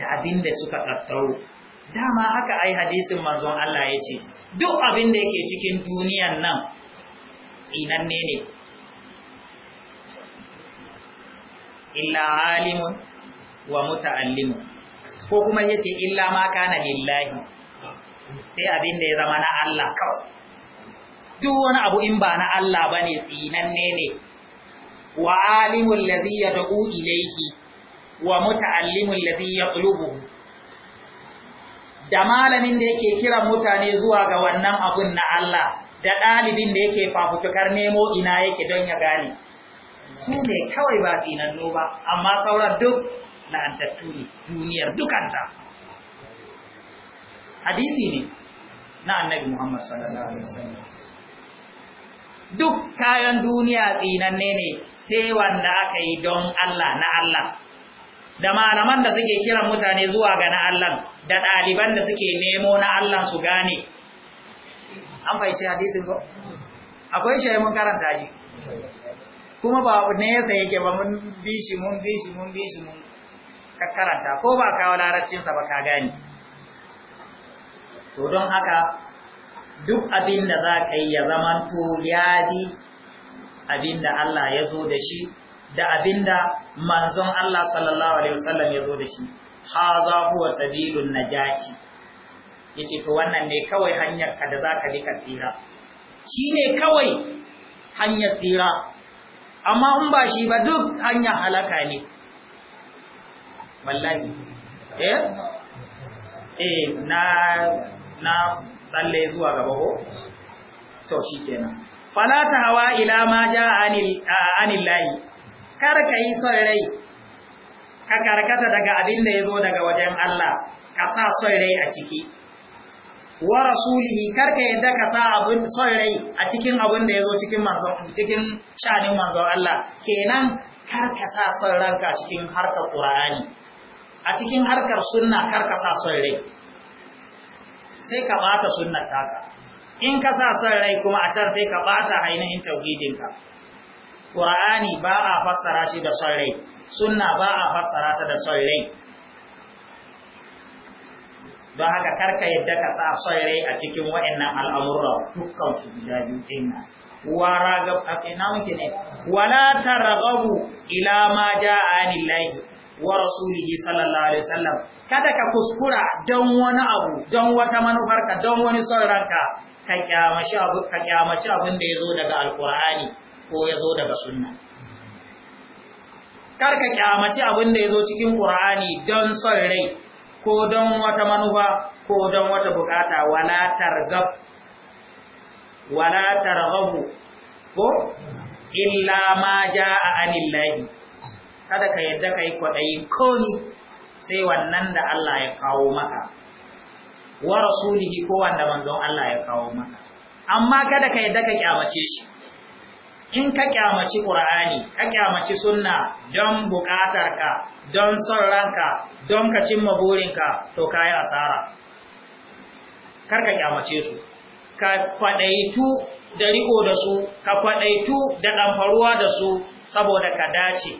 da abin da suka tattaro dama haka ai hadisin manzon Allah ya ce duk abin da yake cikin duniyan nan inanne ne illa alimun wa muta'allimun ko kuma yace illa ma kana lillahi sai abin da ya zama na Allah kawai duk wani abu in ba na Allah bane tsinanne ne wa alimul ladhi yad'u ilayhi wa muta'allimul ladhi yaqlubu da malamin da yake kiran mutane zuwa ga wannan abun na Allah da ɗalibin da yake fafutukar nemo ina yake don ya gane su ne kawai ba tsinanno ba amma sauran duk la'antattu ne duniyar dukanta hadisi ne na annabi Muhammad sallallahu alaihi wasallam duk kayan duniya tsinanne ne sai wanda aka yi don Allah na Allah da malaman da suke kiran mutane zuwa ga na Allah da ɗaliban da suke nemo na Allah su gane an fahimci hadisin ba akwai shi mun karanta shi kuma ba ya yake ba mun bi shi mun bi shi mun bi shi mun karanta ko ba kawo larabcinsa ba ka gani to don haka duk abin da za ka yi ya zamanto ya bi abin da Allah ya zo da shi da abin da manzon Allah sallallahu alaihi wasallam ya zo da shi haza huwa sabilun najati yace to wannan ne kawai hanyar ka da ka bi ka tsira ne kawai hanyar tsira amma in ba shi ba duk hanyar halaka ne wallahi eh eh na na tsalle zuwa gaba ko to shikenan fala ta hawa ila ma jaa anil anillahi kar ka yi son rai ka karkata daga abin da yazo daga wajen Allah ka sa son rai a ciki wa rasulihi karka yadda ka sa abin son rai a cikin abin da yazo cikin manzon cikin shanin manzon Allah kenan karka sa son ranka cikin harkar Qur'ani a cikin harkar sunna karka sa son rai sai ka bata sunnar taka in ka sa son rai kuma a can sai ka bata ainihin ka Qur'ani ba a fassara shi da son rai sunna ba a fassara ta da son rai don haka karka yadda ka sa son rai a cikin wa'annan al'amurra dukkan su guda biyu din nan wara ga ina muke ne wala taragabu ila ma jaa anillahi wa rasulihi sallallahu alaihi wasallam kada ka kuskura don wani abu don wata manufarka don wani son ranka ka kyamaci abu ka kyamaci abin da yazo daga alqur'ani ko yazo daga sunna kar ka kyamaci abin da yazo cikin qur'ani don son rai ko don wata manufa ko don wata bukata wala targab wala targhabu ko illa ma jaa anillahi kada ka yadda kai ko ni sai wannan da Allah ya kawo maka wa rasulihi ko wanda manzon Allah ya kawo maka amma kada ka yadda ka kyamace shi in ka kyamaci ƙur'ani ka kyamaci sunna don buƙatarka don son ranka don ka cimma burinka to ka yi asara kar ka kyamace su ka kwaɗaitu da riko da su ka kwaɗaitu da ɗanfaruwa da su saboda ka dace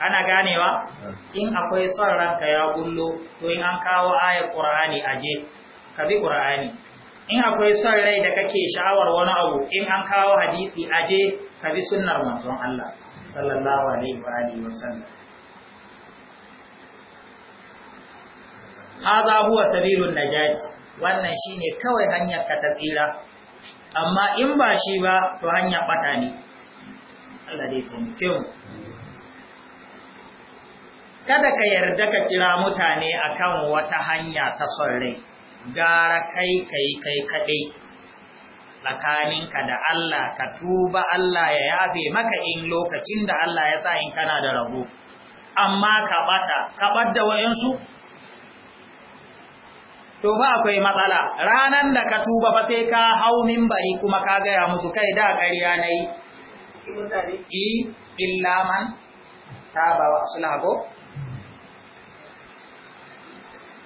ana ganewa in akwai son ranka ya gullo, to in an kawo ayar ƙur'ani je, ka bi ƙur'ani in akwai son rai da kake sha'awar wani abu in an kawo hadisi aje ka bi sunnar manzon Allah sallallahu alaihi wa alihi sallam hadha huwa sabilun najati wannan shine kawai hanyar ka tafira. amma in ba shi ba to hanya bata ne Allah dai mu kada ka yarda ka kira mutane akan wata hanya ta son rai gara kai kai kai kaɗai tsakaninka da Allah ka tuba Allah ya yafe maka in lokacin da Allah ya sa in kana da rabo amma ka bata ka ɓadda wayansu to ba akwai matsala ranan da ka tuba fa sai ka hau minbari kuma ka gaya musu kai da ƙarya na yi illa man ba wa sulha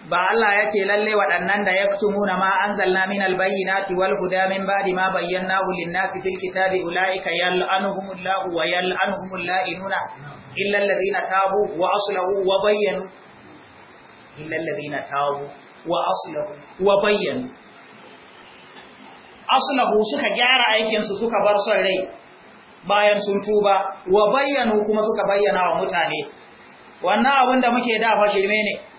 ba Allah yake lalle waɗannan da yaktumuna ma anzalna min albayyinati wal huda min ba'di ma bayyanahu lin-nasi fil kitabi ulaika yal'anuhumullahu wa yal'anuhumul la'inuna illa alladhina tabu wa aslahu wa bayyanu illa alladhina tabu wa aslahu wa bayyanu aslahu suka gyara aikin su suka bar son rai bayan sun tuba wa bayyanu kuma suka bayyana wa mutane wannan abin da muke da fa ne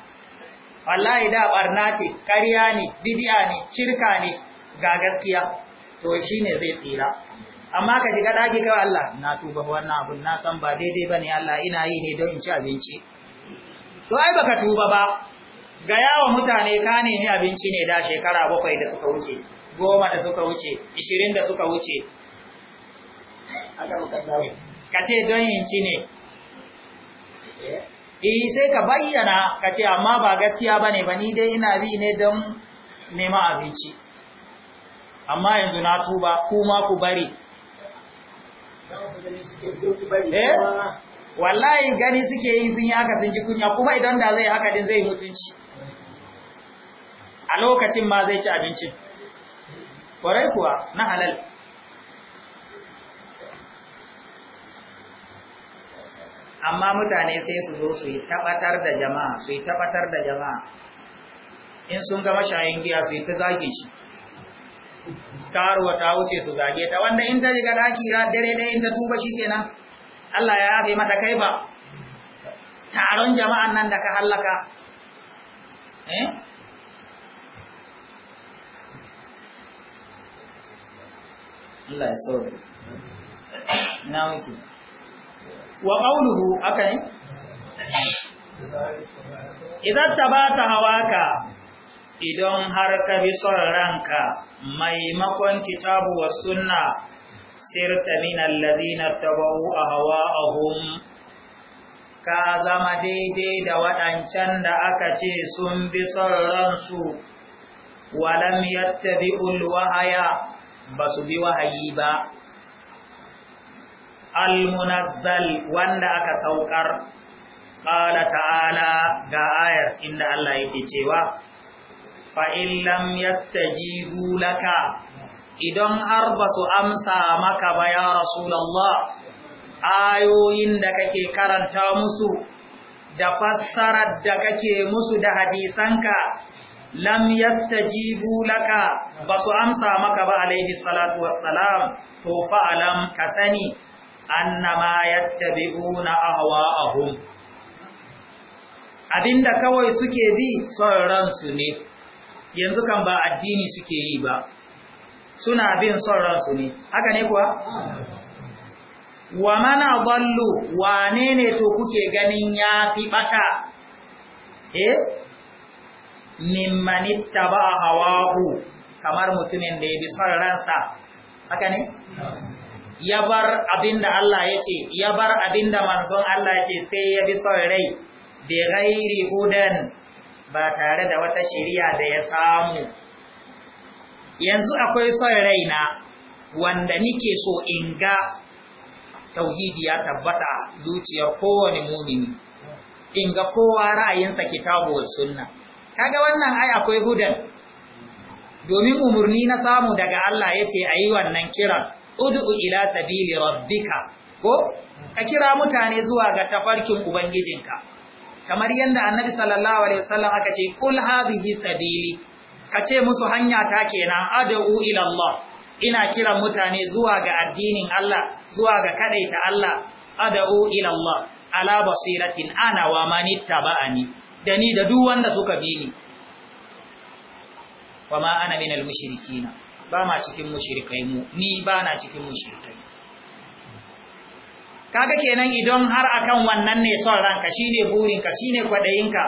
wallahi da barna ce ƙarya ne bidiya ne shirka ne ga gaskiya to shine zai tsira amma ka shiga daki kawai Allah na tuba wannan abun na san ba daidai bane Allah ina yi ne don in ci abinci to ai baka tuba ba ga yawa mutane ka ne ni abinci ne da shekara bakwai da suka wuce goma da suka wuce ishirin da suka wuce ka ce don yin ci ne eh? eh sai ka bayyana ka ce amma ba gaskiya ba ne ba ni dai ina bi ne don nema abinci amma yanzu na tuba kuma ku bari eh? wallahi gani suke yi sun yi haka sun ji kunya kuma idan da zai haka din zai mutunci a lokacin ma zai ci abincin kwarai kuwa na halal amma mutane sai su zo su yi tabbatar da jama'a su yi tabbatar da jama'a in sun gama shayin giya su yi ta zage shi karuwa ta wuce su zage ta wanda in ta shiga daki ra dare ɗaya in ta tuba shi kenan Allah ya yafe mata kai ba taron jama'an nan da ka hallaka eh Allah ya sauke na wuce wa ƙaunuhu aka ne? Idan ta ba ta hawaka idan har ka bi son ranka maimakon kitabu wa sunna sirta min allazina tabau a hawa'ahum ka zama daidai da waɗancan da aka ce sun bi son ransu walam yattabi'ul wahaya ba su bi wahayi ba al-munazzal wanda aka saukar qala ta'ala ga ayar inda Allah yake cewa fa'in lam yastajibu laka idan har ba su amsa maka ba ya rasulallah? ayoyin da kake karanta musu da fassarar da kake musu da hadisanka lam yastajibu laka ba su amsa maka ba alaihi salatu wassalam to fa'alam ka sani annama yattabi'una ahwa'ahum abinda kawai suke bi son ransu ne yanzu kan ba addini suke yi ba suna bin son ransu ne haka ne kuwa wa mana ballu wane ne to kuke ganin ya fi bata eh mimmanitta ba hawahu kamar mutumin da ya bi son ransa haka ne ya bar abinda Allah ya ce ya bar abinda manzon Allah ya ce sai ya bi son rai bi gairi hudan ba tare da wata shari'a da ya samu yanzu akwai son rai na wanda nike so in ga tauhidi ya tabbata zuciyar kowane mumini in ga kowa ra'ayinsa kitabu wa sunna kaga wannan ai akwai hudan domin umurni na samu daga Allah yace ayi wannan kiran ud'u ila sabili rabbika ko ka kira mutane zuwa ga tafarkin ubangijinka kamar yanda annabi sallallahu alaihi wasallam aka ce kul hadhihi sabili ka ce musu hanya ta kenan ad'u ila Allah ina kiran mutane zuwa ga addinin Allah zuwa ga kadaita Allah ad'u ila Allah ala basiratin ana wa man dani da duk wanda suka bi ni wa ma ana minal mushrikina ba ma cikin mushirikai mu ni ba na cikin mushirikai kaga kenan idan har akan wannan ne son ranka shine burinka shine kwadayinka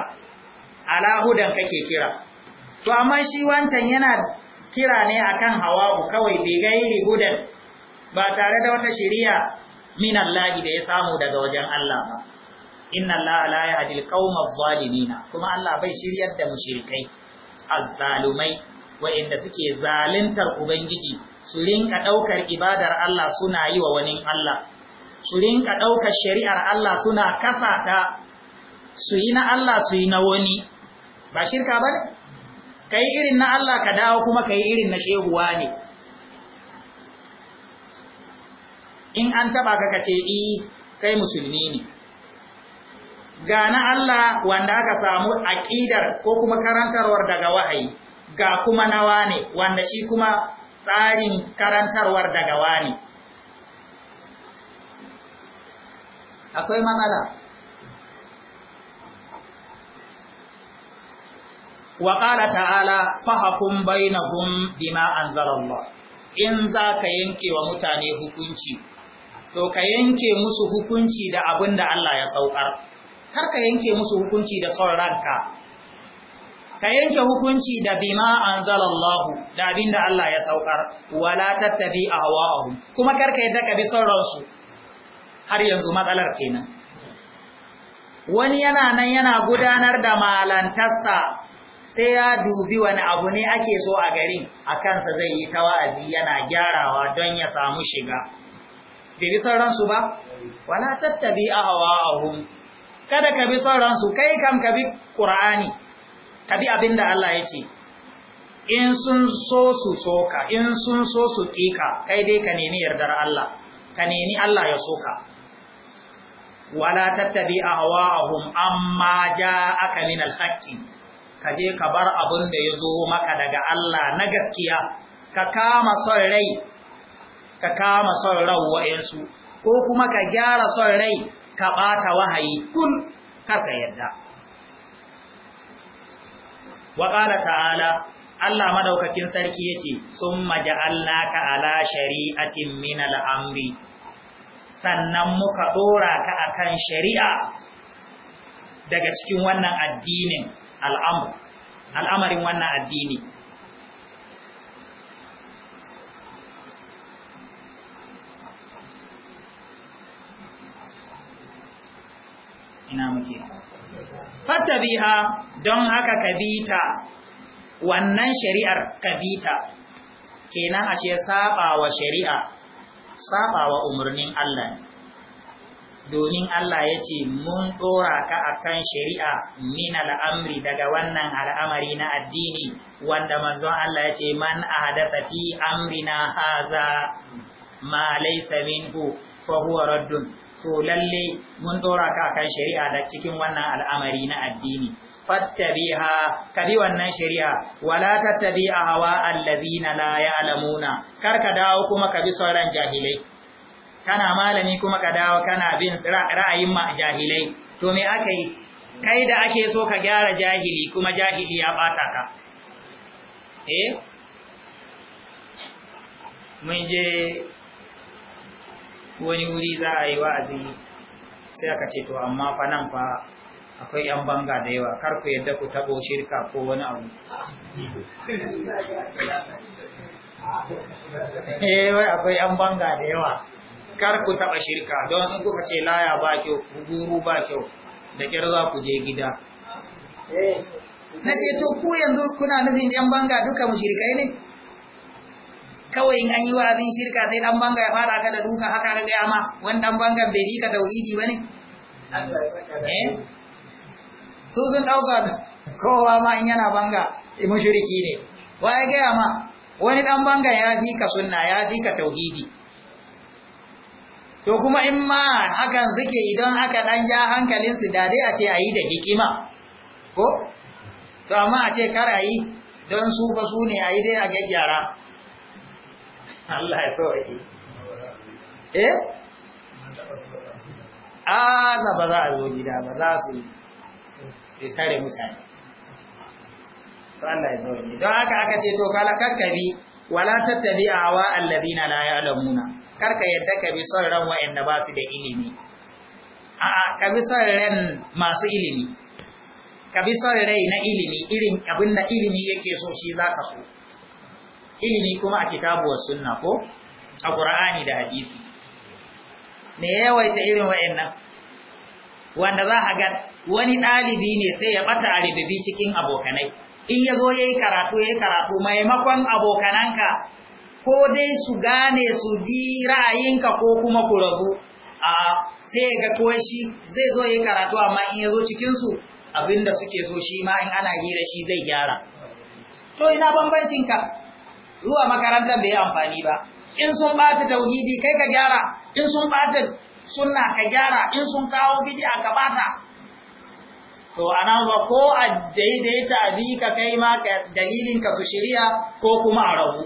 alahudan kake kira to amma shi wancan yana kira ne akan hawa'u kawai bai iri hudan ba tare da wata shari'a min Allah da ya samu daga wajen Allah ba inna Allah la yahdi al-qawma adh kuma Allah bai shiryar da mushrikai azzalumai wa'inda suke zaluntar Ubangiji su rinka ɗaukar ibadar Allah suna yi wa wani Allah, su rinka ɗaukar shari'ar Allah suna kasa ta su yi na Allah su yi na wani, ba shirka ba ne? Ka yi irin na Allah ka dawo kuma ka yi irin na shehuwa ne. In an taɓa ka kace bi kai musulmi ne. Ga na Allah wanda aka samu aƙidar ko kuma karantarwar daga wahayi. ga kuma na wane wanda shi kuma tsarin karantarwar daga wane akwai matsala wa ƙala ta'ala fahakun bainahum bima anzalallah in za ka yanke wa mutane hukunci to ka yanke musu hukunci da abin da Allah ya saukar kar ka yanke musu hukunci da son ranka ka yanke hukunci da bima anzalallahu da abinda Allah ya saukar wala tattabi ahwa'ahum kuma karka yadda ka bi son ransu har yanzu matsalar kenan wani yana nan yana gudanar da malantarsa sai ya dubi wani abu ne ake so a gari a kansa zai yi ta wa'azi yana gyarawa don ya samu shiga bai bi son ransu ba wala tattabi ahwa'ahum kada ka bi son ransu kai kam ka bi qur'ani ka bi abin da Allah ya ce in sun so su soka in sun so su ƙiƙa kai dai ka nemi yardar Allah ka nemi Allah ya soka wala tattabi ahwa'ahum amma ja'aka min alhaqqi ka je ka bar abun da yazo maka daga Allah na gaskiya ka kama son rai ka kama son rawa'insu ko kuma ka gyara son rai ka ɓata wahayi kun karka yadda wa ta'ala Allah madaukakin sarki yace summa ja'alnaka ala shari'atin min al-amri sannan muka dora ka akan shari'a daga cikin wannan addinin al'amarin wannan addini ina muke fattabiha don haka kabita wannan shari'ar kabita kenan ashe saba wa shari'a saba wa umarnin Allah domin Allah ya ce mun dora ka akan shari'a min al'amri daga wannan al'amari na addini wanda manzon Allah ya ce man ahdatha fi amrina haza ma laysa minhu fa huwa raddun to lalle mun dora ka kan shari'a da cikin wannan al'amari na addini fattabiha ka bi wannan shari'a wala tattabi hawa allazina la ya'lamuna kar ka dawo kuma ka bi sauran jahilai kana malami kuma ka dawo kana bin ra'ayin ma jahilai to me akai kai da ake so ka gyara jahili kuma jahili ya bata ka eh mun je wani wuri za a yi wa'azi sai aka ce to amma fa nan fa akwai yan banga da yawa kar ku yadda ku tabo shirka ko wani abu eh wai akwai yan banga da yawa kar ku taba shirka don in kuka ce laya ba kyau guru ba kyau da kyar za ku je gida eh. na ce to ku yanzu kuna nufin yan banga duka mushrikai ne kawai in an yi wa'azin shirka sai dan banga ya fara ka da duka haka ga gaya ma wani dan banga bai ka tauhidi ba ne? Eh? su sun ɗauka kowa ma in yana banga eh, mushriki ne wa ya gaya ma wani dan banga ya fika sunna ya fika tauhidi to kuma in ma hakan suke idan aka dan ja su, da dai a ce ayi da hikima ko to amma a ce kar ayi don su fa su ne ayi dai a gyaggyara Allah ya sauke eh a ah, na ba za a zo gida ba za su kare mutane to Allah ya sauke don haka aka ce to kala kakkabi wala tattabi a hawa awa alladhina la ya'lamuna karka yadda ka bi son ran wa'anda ba su da ilimi a'a ka bi son ran masu ilimi ka bi son rai na ilimi irin abin da ilimi yake so shi za ka so ilimi kuma a kitabu wa sunna ko a qur'ani da hadisi ne yawaita irin wa'annan wanda za ka ga wani ɗalibi ne sai ya ɓata a ribibi cikin abokanai in yazo yayi karatu yayi karatu maimakon abokananka ko dai su gane su bi ra'ayinka ko kuma ku rabu a sai ga kawai shi zai zo yayi karatu amma in yazo cikin su abinda suke so shi ma in ana hira shi zai gyara to ina bambancin ka zuwa makarantar bai amfani ba in sun bata tauhidi kai ka gyara in sun bata sunna ka gyara in sun kawo bid'a ka bata to anan ba ko a daidaita abi ka kai ma dalilin ka su shirya ko kuma a rahu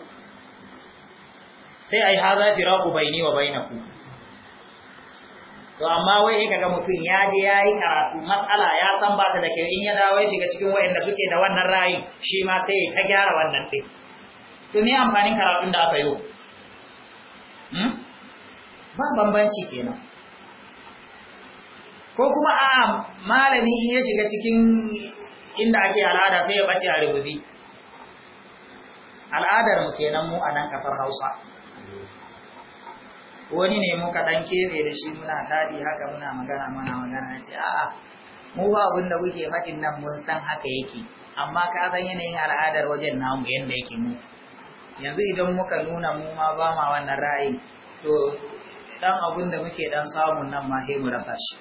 sai ai haza firaku baini wa bainakum to amma wai kaga mutun ya je yayi karatu matsala ya san ba ta da kai in ya dawo ya shiga cikin wayanda suke da wannan rayin shi ma sai ta gyara wannan din to me amfanin karatun da aka yi hmm? ba bambanci kenan ko kuma a malami in ya shiga cikin inda ake al'ada sai ya bace a rububi al'adar mu kenan mu a nan kafar Hausa wani ne muka dan kebe da shi muna tadi haka muna magana mana magana ce a'a mu ba abin da kuke faɗin nan mun san haka yake amma ka san yanayin al'adar wajen namu yadda yake mu yanzu idan muka nuna mu ma ba ma wannan ra'ayi to dan abun da muke dan samun nan ma sai mu rasa shi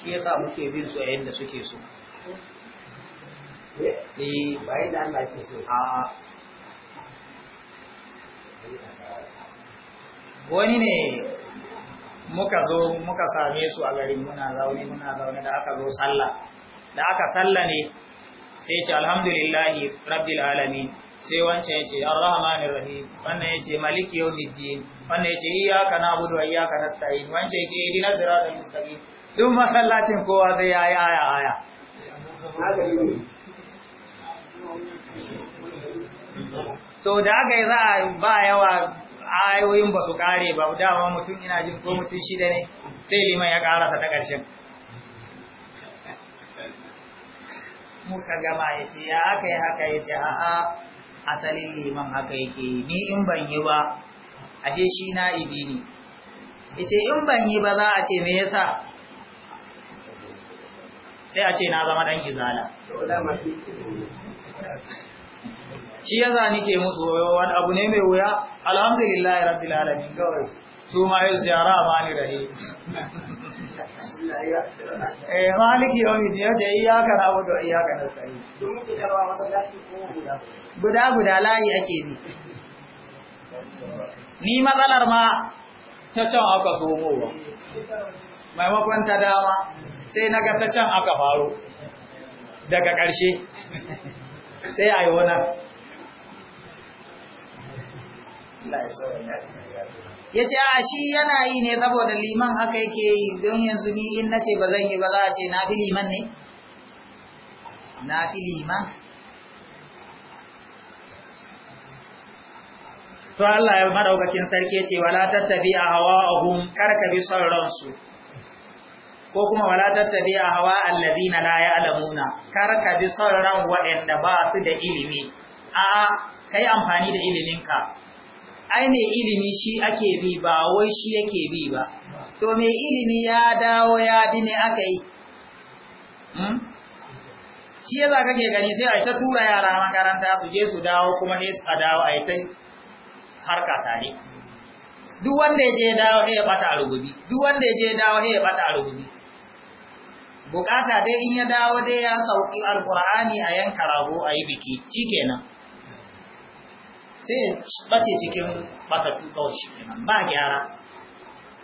shi yasa muke bin su yayin da suke so eh, eh. bai da Allah ke so a wani ne muka zo muka same su a garin muna zaune muna zaune da aka zo sallah da aka sallah ne sai ce alhamdulillahi rabbil alamin sai wancan ya ce ar rahim wannan ya ce maliki yawmiddin wannan ya ce iyyaka na'budu wa iyyaka nasta'in wancan ya ce ihdina siratal mustaqim duk masallacin kowa sai yi aya aya to da aka yi za a ba yawa ayoyin ba su kare ba dama mutum ina jin ko mutum shida ne sai liman ya karasa ta ƙarshen muka gama ya ce ya aka yi haka ya ce a'a asalin liman haka yake ni in ban yi ba ce shi na ibi ne yace in ban yi ba za a ce me yasa sai a ce na zama dan izala shi ya zani nike musu wani abu ne mai wuya Alhamdulillah, rabbil alamin gawai su ma yi ziyara ni rahe eh maliki yau ne ya ce iyaka na abu da iyaka na sai guda guda layi ake bi ni matsalar ma ta can aka somowa maimakon ta dama sai na ga ta can aka faru. daga ƙarshe sai a yi wunar ya ce a shi yana yi ne saboda liman haka yake yi don yanzu ni in na ce ba zan yi ba za a ce na fi liman ne na fi liman to Allah ya madaukakin sarki yace wala tattabi ahwa'uhum karka bi son ransu ko kuma wala tattabi ahwa allazina la ya'lamuna karka bi son ran wa'anda ba su da ilimi a'a kai amfani da iliminka ai ne ilimi shi ake bi ba wai shi yake bi ba to me ilimi ya dawo ya bi ne aka yi hmm? shi yasa kake gani sai a ta tura yara makaranta su je su dawo kuma sai su dawo a yi ta harka tare duk wanda ya je dawo sai ya bata rububi duk wanda ya je dawo sai ya bata rububi bukata dai in ya dawo dai ya sauki alqur'ani a yanka rago a yi biki shikenan sai bace cikin tuka shi kenan ba gyara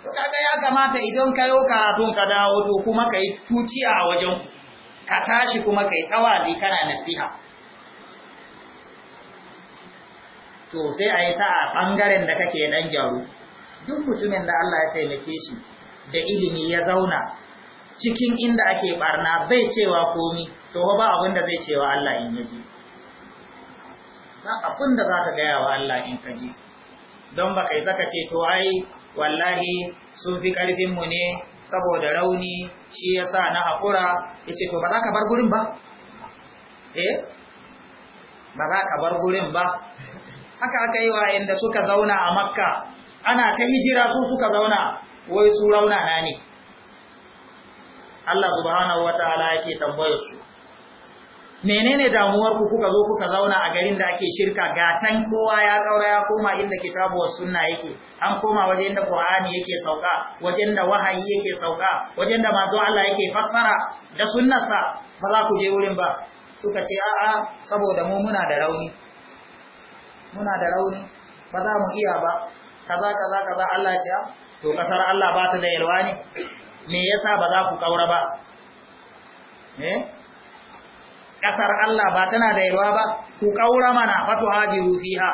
to kaga ya kamata idan kayo karatun ka dawo to kuma kai tuciya a wajen ka tashi kuma kai tawali kana nasiha to sai a yi sa'a ɓangaren da kake ɗan gyaru duk mutumin da Allah ya taimake shi da ilimi ya zauna cikin inda ake barna bai cewa komi to ba abin da zai cewa Allah in yaji ba abin da za ka gaya wa Allah in ka ji don ba kai zaka ce to ai wallahi sun fi ƙarfinmu ne saboda rauni shi ya sa na haƙura ya ce to ba za ka bar gurin ba eh ba za ka bar gurin ba haka aka yi wa inda suka zauna a makka ana ta hijira su suka zauna wai su rauna na ne Allah subhanahu ta'ala yake tambayar su menene damuwar ku kuka zo kuka zauna a garin da ake shirka gatan kowa ya kaura ya koma inda kitabu was sunna yake an koma wajen da qur'ani yake sauka wajen da wahayi yake sauka wajen da masu Allah yake fassara da sunnarsa ba za ku je wurin ba suka ce a'a saboda mu muna da rauni muna da rauni ba za mu iya ba kaza kaza kaza Allah ce to kasar Allah ba ta da yalwa ne me yasa ba za ku kaura ba eh kasar Allah ba tana da yalwa ba ku kaura mana fatu hajiru fiha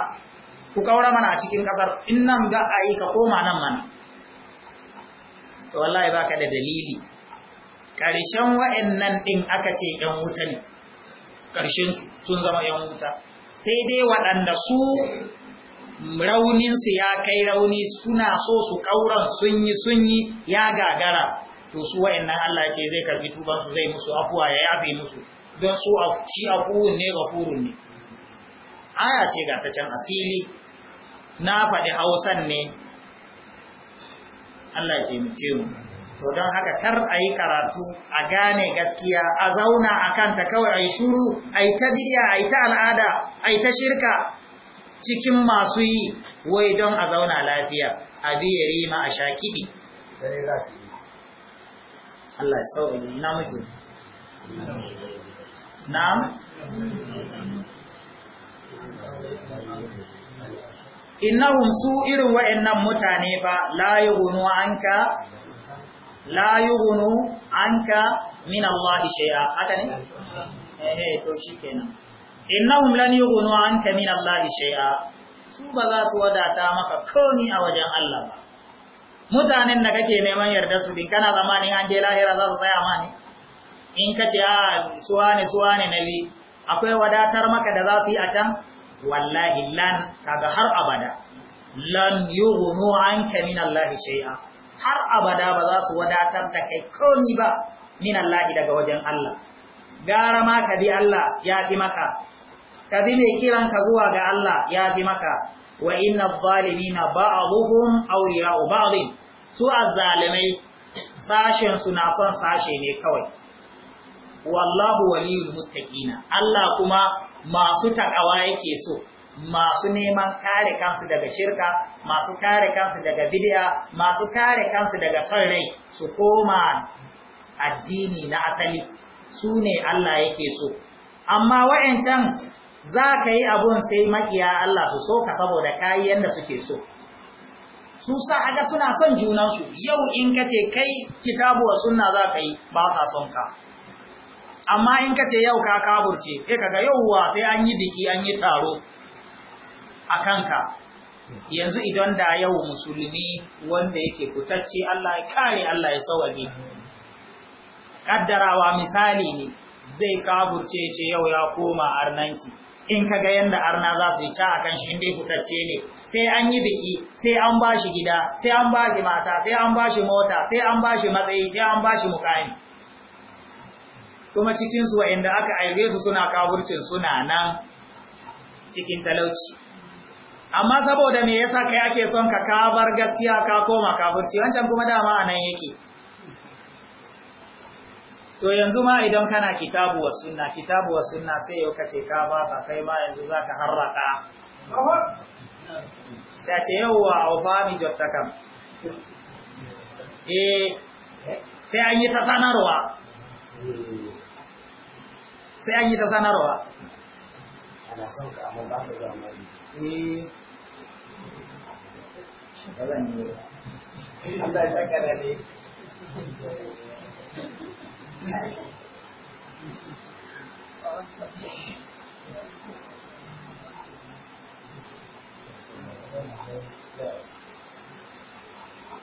ku kaura mana a cikin kasar in nan ga ayi ka koma nan mana to wallahi baka da dalili karshen wa'annan din aka ce yan wuta ne karshen sun zama yan wuta sai dai waɗanda su rauninsu ya kai rauni suna so su ƙauran sunyi sunyi, sun yi ya gagara to su wa'annan Allah ce zai karbi tubansu zai musu afuwa ya yafe musu don su a a afuwun ne kurun ne aya ce ga ta can a fili na faɗi hausan ne Allah ce mu ce mu to don haka kar a yi karatu a gane gaskiya a zauna a kanta kawai a yi shuru a yi ta bidiya a yi ta al'ada a yi ta shirka cikin masu yi wai don a zauna lafiya a biya rima a sha kiɗi Allah ya ina innahum su irin wa'annan mutane ba la yughnu anka la yughnu anka min Allah shay'a haka ne eh eh to shikenan innahum lan yughnu anka min Allah shay'a su ba za su wadata maka komi a wajen Allah ba mutanen da kake neman yarda su din kana zamanin an je lahira za su tsaya ma ne in kace a suwane suwane nabi akwai wadatar maka da za su yi a can wallahi lan kaga har abada lan yughnu anka min Allah shay'a har abada ba za su wadatar da kai komi ba min Allah daga wajen Allah gara ma ka bi Allah ya fi maka ka bi mai kiran ka zuwa ga Allah ya fi maka wa inna zalimina ba'dhum awliya'u ba'd su azzalimai sashen su na son sashe ne kawai wallahu waliyul muttaqina Allah kuma masu takawa yake so masu neman kare kansu daga shirka masu kare kansu daga bid'a masu kare kansu daga son rai su koma addini na asali su ne Allah yake so amma wa’yancan za ka yi abun sai makiya Allah su so ka saboda kayan da suke so su sa aga suna son junansu yau in ka ce kai kitabu wa sunna za ka yi ba ka son ka amma in ka ce yau ka kaburce sai kaga yauwa sai an yi biki an yi taro a kanka yanzu idan da yau musulmi wanda yake fitacce Allah ya kare Allah ya Kaddara wa misali ne zai kaburce ce yau ya koma arnanki in kaga yadda arna za su yi ca akan shi in fitacce ne sai an yi biki sai an bashi gida sai an bashi mata sai an bashi mota sai an bashi matsayi sai an bashi mukami kuma cikinsu wa'inda aka aibe su suna kaburcin suna nan cikin talauci amma saboda me yasa kai ake son ka ka bar gaskiya ka koma kafirci wancan kuma dama anan yake to yanzu ma idan kana kitabu wa sunna kitabu wa sunna sai yau kace ka ba ka kai ma yanzu zaka harraka sai ce yau wa mi jottakam eh sai an yi ta sanarwa sai an yi ta sanarwa ana son ka amma ba ka zamani eh đó là nhiều hôm nay phải cái này đi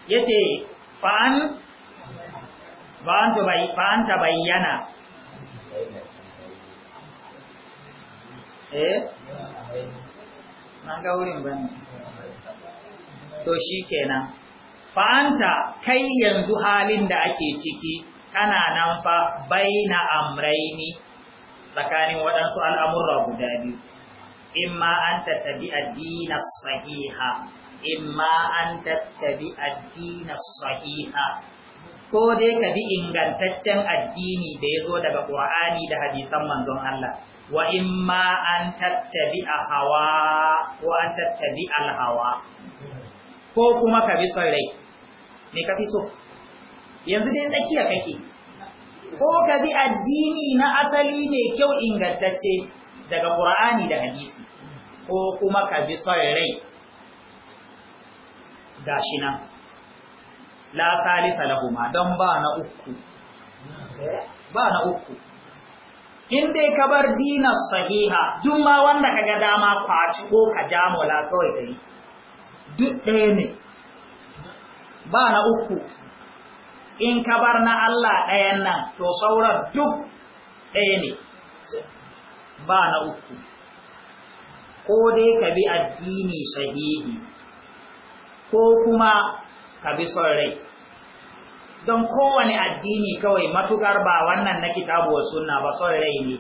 yace fa'an fa'an tabai fa'an tabayyana eh na ga wurin bane to shi kenan fa'anta kai yanzu halin da ake ciki kana nan fa baina amraini tsakanin waɗansu al'amurra guda biyu imma an tattabi addina sahiha imma an tattabi addina sahiha ko dai ka bi ingantaccen addini da ya zo daga ƙur'ani da hadisan manzon Allah wa imma an tattabi a hawa ko an tattabi al-hawa ko kuma ka bi son rai me ka fi so yanzu dai tsakiya kake ko ka bi addini na asali mai kyau ingantacce daga ƙur'ani da hadisi ko kuma ka bi son rai gashi nan la salisa lahuma don ba na uku ba na uku in dai ka bar dinar sahiha duk ma wanda kaga dama kwaci ko ka jamo la kawai kai duk ɗaya ne ba na uku in ka bar na Allah ɗayan nan to sauran duk ɗaya ne ba na uku ko dai ka bi addini sahihi ko kuma ka bi son rai don kowane addini kawai matukar ba wannan na kitabu wa sunna ba son rai ne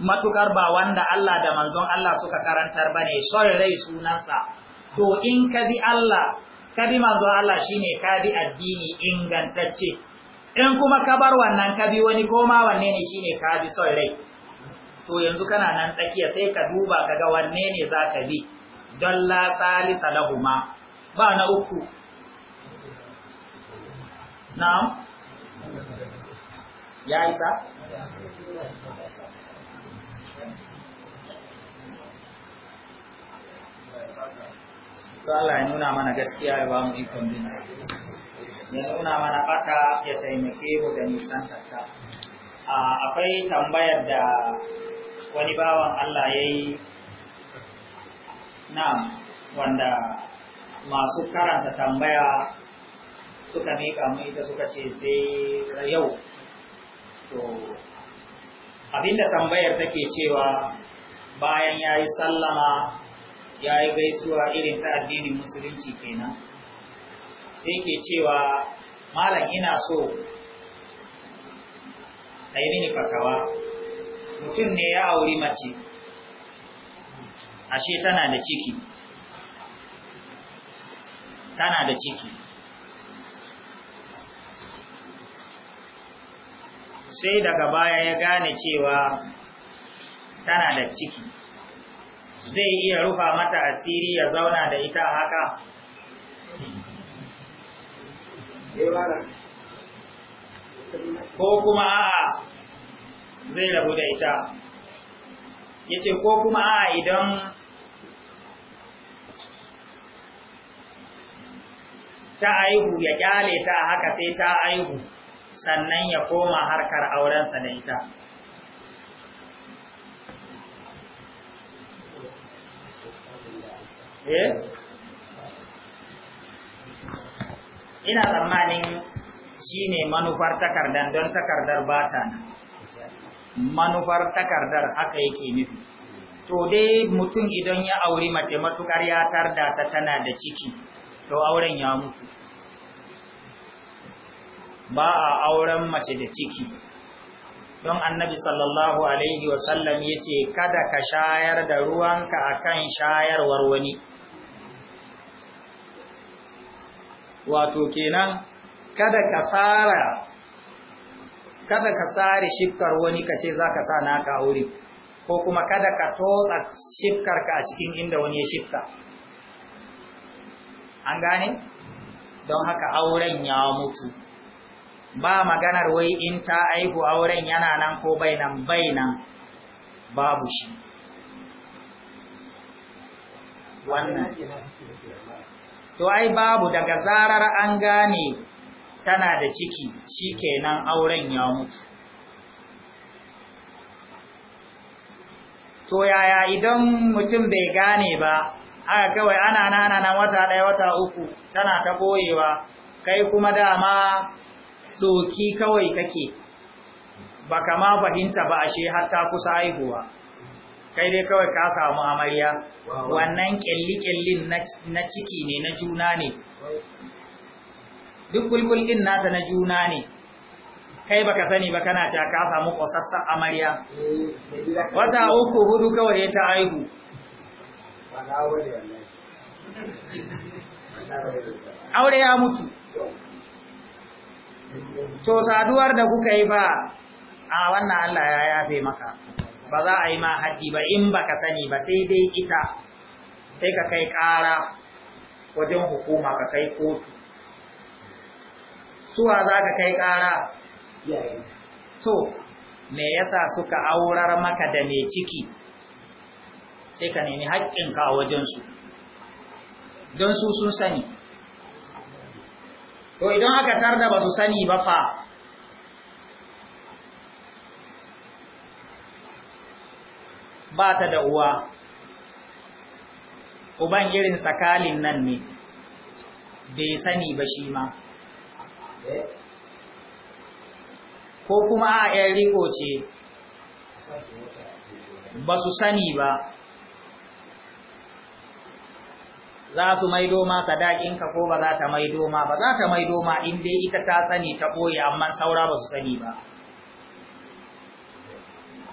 matukar ba wanda Allah da manzon Allah suka karantar ba ne son rai sunansa to in ka bi Allah ka bi manzo Allah shine ka bi addini ingantacce in kuma ka bar wannan ka bi wani koma wanne ne shine ka bi son rai to yanzu kana nan tsakiya sai ka duba kaga wanne ne ka bi don la salisa lahuma ba na uku na'am ya isa to Allah ya nuna mana gaskiya ya ba mu ikon bin ya nuna mana fata ya taimake mu da nisan tatta akwai tambayar da wani bawan Allah ya yi na wanda masu karanta tambaya suka miƙa mu ita suka ce sai yau to abinda tambayar take cewa bayan ya yi sallama ya yi gaisuwa irin ta addinin musulunci kenan sai ke cewa malam ina so a yi mini fakawa mutum ne ya auri mace ashe tana da ciki tana da ciki sai daga baya ya gane cewa tana da ciki zai iya rufa mata asiri ya zauna da ita haka ko kuma a'a zai rabu da ita yace ko kuma a idan ta aihu ya kyale ta haka sai ta aihu sannan ya koma harkar aurensa da ita Eh? ina tsammanin shi ne manufar takardar don takardar bata na manufar takardar haka yake nufi to dai mutum idan ya auri mace matukar ya tarda ta tana da ciki to auren ya mutu ba a auren mace da ciki don annabi sallallahu alaihi wasallam ya ce kada ka shayar da ruwanka akan shayarwar wani wato kenan kada ka tsara kada ka tsare shifkar wani ka ce za ka sa naka a aure, ko kuma kada ka shifkar shifkarka a cikin inda wani ya shifka an gane don haka auren ya mutu ba maganar wai in ta aihu auren yana nan ko bainan bainan babu shi wannan to ai babu daga zarar an gane tana da ciki shi kenan auren ya mutu to yaya idan mutum bai gane ba aka kawai ana nana na wata ɗaya wata uku tana ta ɓoyewa kai kuma dama tsoki kawai kake ba kama fahimta ba ashe har ta kusa haihuwa kai dai kawai ka samu amarya wannan kyalli-kyallin na ciki ne na juna ne duk bulbul din nasa na juna ne kai baka sani ba kana cewa ka samu kosassan amarya wata uku hudu kawai ta aihu aure ya mutu to saduwar da kuka yi ba a wannan Allah ya yafe maka ba za a yi ma haddi ba in ba ka sani ba sai dai ita sai ka kai ƙara wajen hukuma ka kai kotu suwa za ka kai ƙara to me yasa suka aurar maka da mai ciki sai ka nemi haƙƙinka a wajensu don su sun sani to idan aka tarda ba su sani ba fa ba ta da uwa uban irin sakalin nan ne bai sani ba shi ma ko kuma a ‘yan riko ce ba su sani ba za su maido ma sadakinka ko ba za ta maido ma ba za ta maido ma inda ita ta sani ta ɓoye amma saura ba su sani ba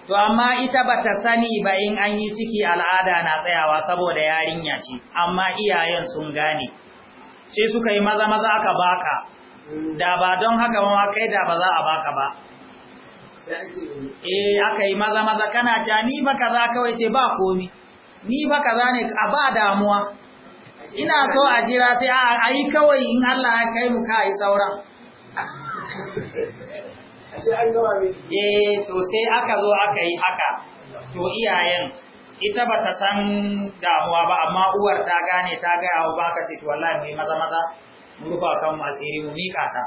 to amma ita ba ta sani ba in an yi ciki al'ada na tsayawa saboda yarinya ce amma iyayen sun gane sai suka yi maza maza aka baka da ba don haka ba kai da ba za a baka ba eh aka yi maza maza kana ta ni ba kaza kawai ce ba komi ni ba kaza ne a ba damuwa ina so a jira sai a yi kawai in Allah ya kai mu ka yi sauran eh to sai aka zo aka yi haka to iyayen ita ba ta san damuwa ba amma uwar ta gane ta gaya ba aka ce to wallahi mai maza maza mu rufa kan asiri mu mika ta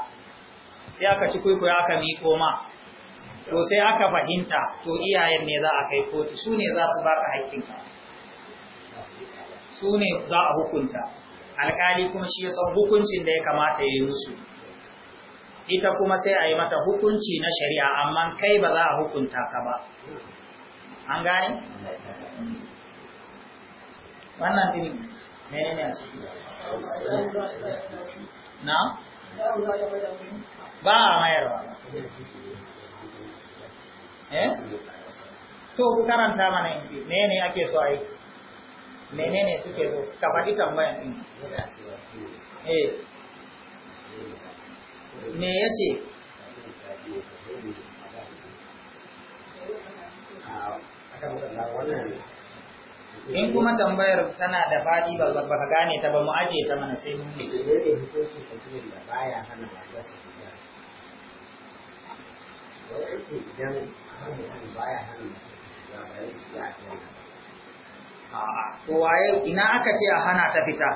sai aka ci kwaikwayo aka mi ma to sai aka fahimta to iyayen ne za a kai kotu su ne za su baka haƙƙinka su ne za a hukunta alƙali kuma shi ya san hukuncin da ya kamata ya yi musu ita kuma sai a yi mata hukunci na shari'a amma kai ba za a hukunta ka ba an gane? wannan ɗin mene ne a ciki na? ba a ba eh? to ku karanta mana yanki mene ake so a yi menene suke so ka faɗi tambayan ɗin eh me ya ce in kuma tambayar tana da faɗi ba ba ka gane ta ba mu aje ta mana sai mun ne ko waye ina aka ce a hana ta fita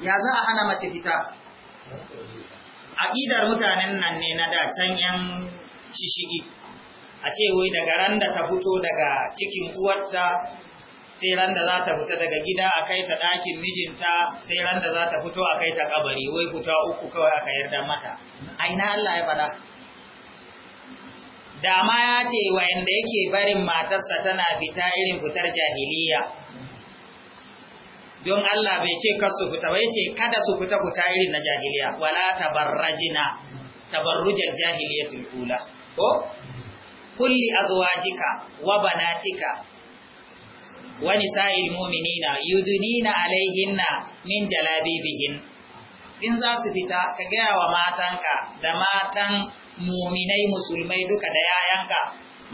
ya za a hana mace fita aƙidar mutanen nan ne na da can yan shishigi a ce wai daga ran da ta fito daga cikin uwarta sai ran da za ta fita daga gida a kai ta ɗakin mijinta sai ran da za ta fito a kai ta kabari wai fita uku kawai aka yarda mata aina Allah ya faɗa dama ya ce yanda yake barin matarsa tana fita irin fitar jahiliya don Allah bai ce kar su fita ba yace kada su fita ta irin na jahiliya wala tabarrajina tabarrujal jahiliyatul ula ko kulli azwajika wa banatika wa nisa'il mu'minina yudunina alaihinna min jalabibihin in za su fita ka gaya wa matanka da matan muminai musulmai duka da 'ya'yanka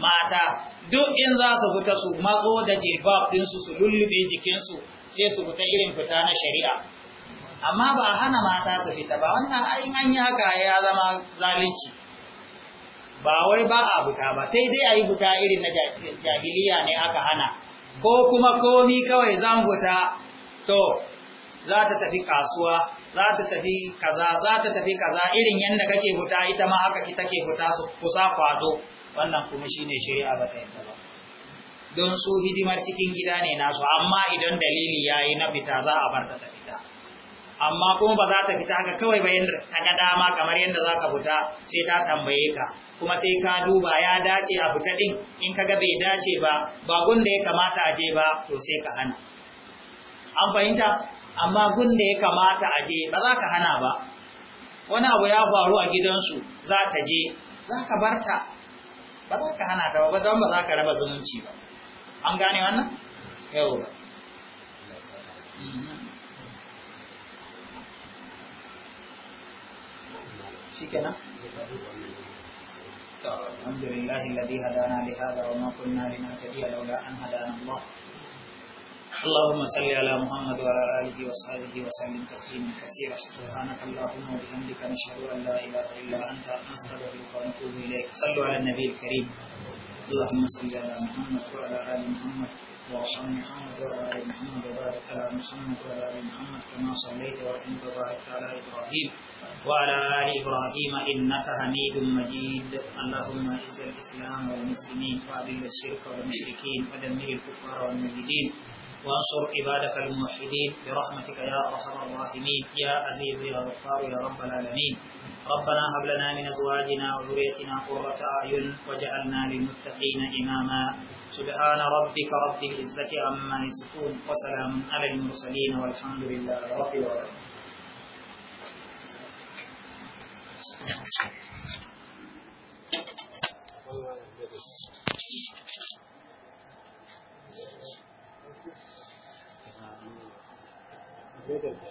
mata duk in za su fita su mazo da jilbab ɗinsu su lullube jikinsu sai su fita irin fita na shari'a amma ba a hana mata su fita ba wannan ainihin an yi haka ya zama zalunci ba wai ba a fita ba sai dai a yi fita irin na jahiliya ne aka hana ko kuma komi kawai zan fita to za ta tafi kasuwa za ta tafi kaza za ta tafi kaza irin yadda kake fita ita ma haka take fita su kusa kwado wannan kuma shine shari'a ba ta yadda ba don su hidimar cikin gida ne nasu amma idan dalili ya yi na fita za a bar ta fita amma kuma ba za ta fita haka kawai bayan ta ga dama kamar yadda za ka fita sai ta tambaye ka kuma sai ka duba ya dace a fita din in kaga bai dace ba ba gunda ya kamata a je ba to sai ka hana an fahimta amma gunda ya kamata a je ba za ka hana ba wani abu ya faru a gidansu za ta je za ka barta ba za ka hana ta ba don ba za ka raba zumunci ba الحمد لله الذي هدانا لهذا وما كنا لنهتدي لولا أن هدانا الله اللهم صل على محمد وعلى آله وصحبه وسلم تسليما كثيرا سبحانك اللهم وبحمدك نشهد أن لا إله إلا أنت نستغفرك ونتوب إليك صلوا على النبي الكريم اللهم صل على محمد وعلى آل محمد وارحم محمد وعلى آل محمد وبارك على محمد وعلى آل محمد كما صليت ورحمت وباركت على إبراهيم وعلى آل إبراهيم إنك حميد مجيد اللهم أعز الإسلام والمسلمين وأذل الشرك والمشركين ودمر الكفار والمجيدين وانصر عبادك الموحدين برحمتك يا أرحم الراحمين يا عزيز يا غفار يا رب العالمين ربنا هب لنا من أزواجنا وذريتنا قرة أعين وجعلنا للمتقين إماما سبحان ربك رب العزة عما يصفون وسلام على المرسلين والحمد لله رب العالمين ಬೇಕಿರುತ್ತೆ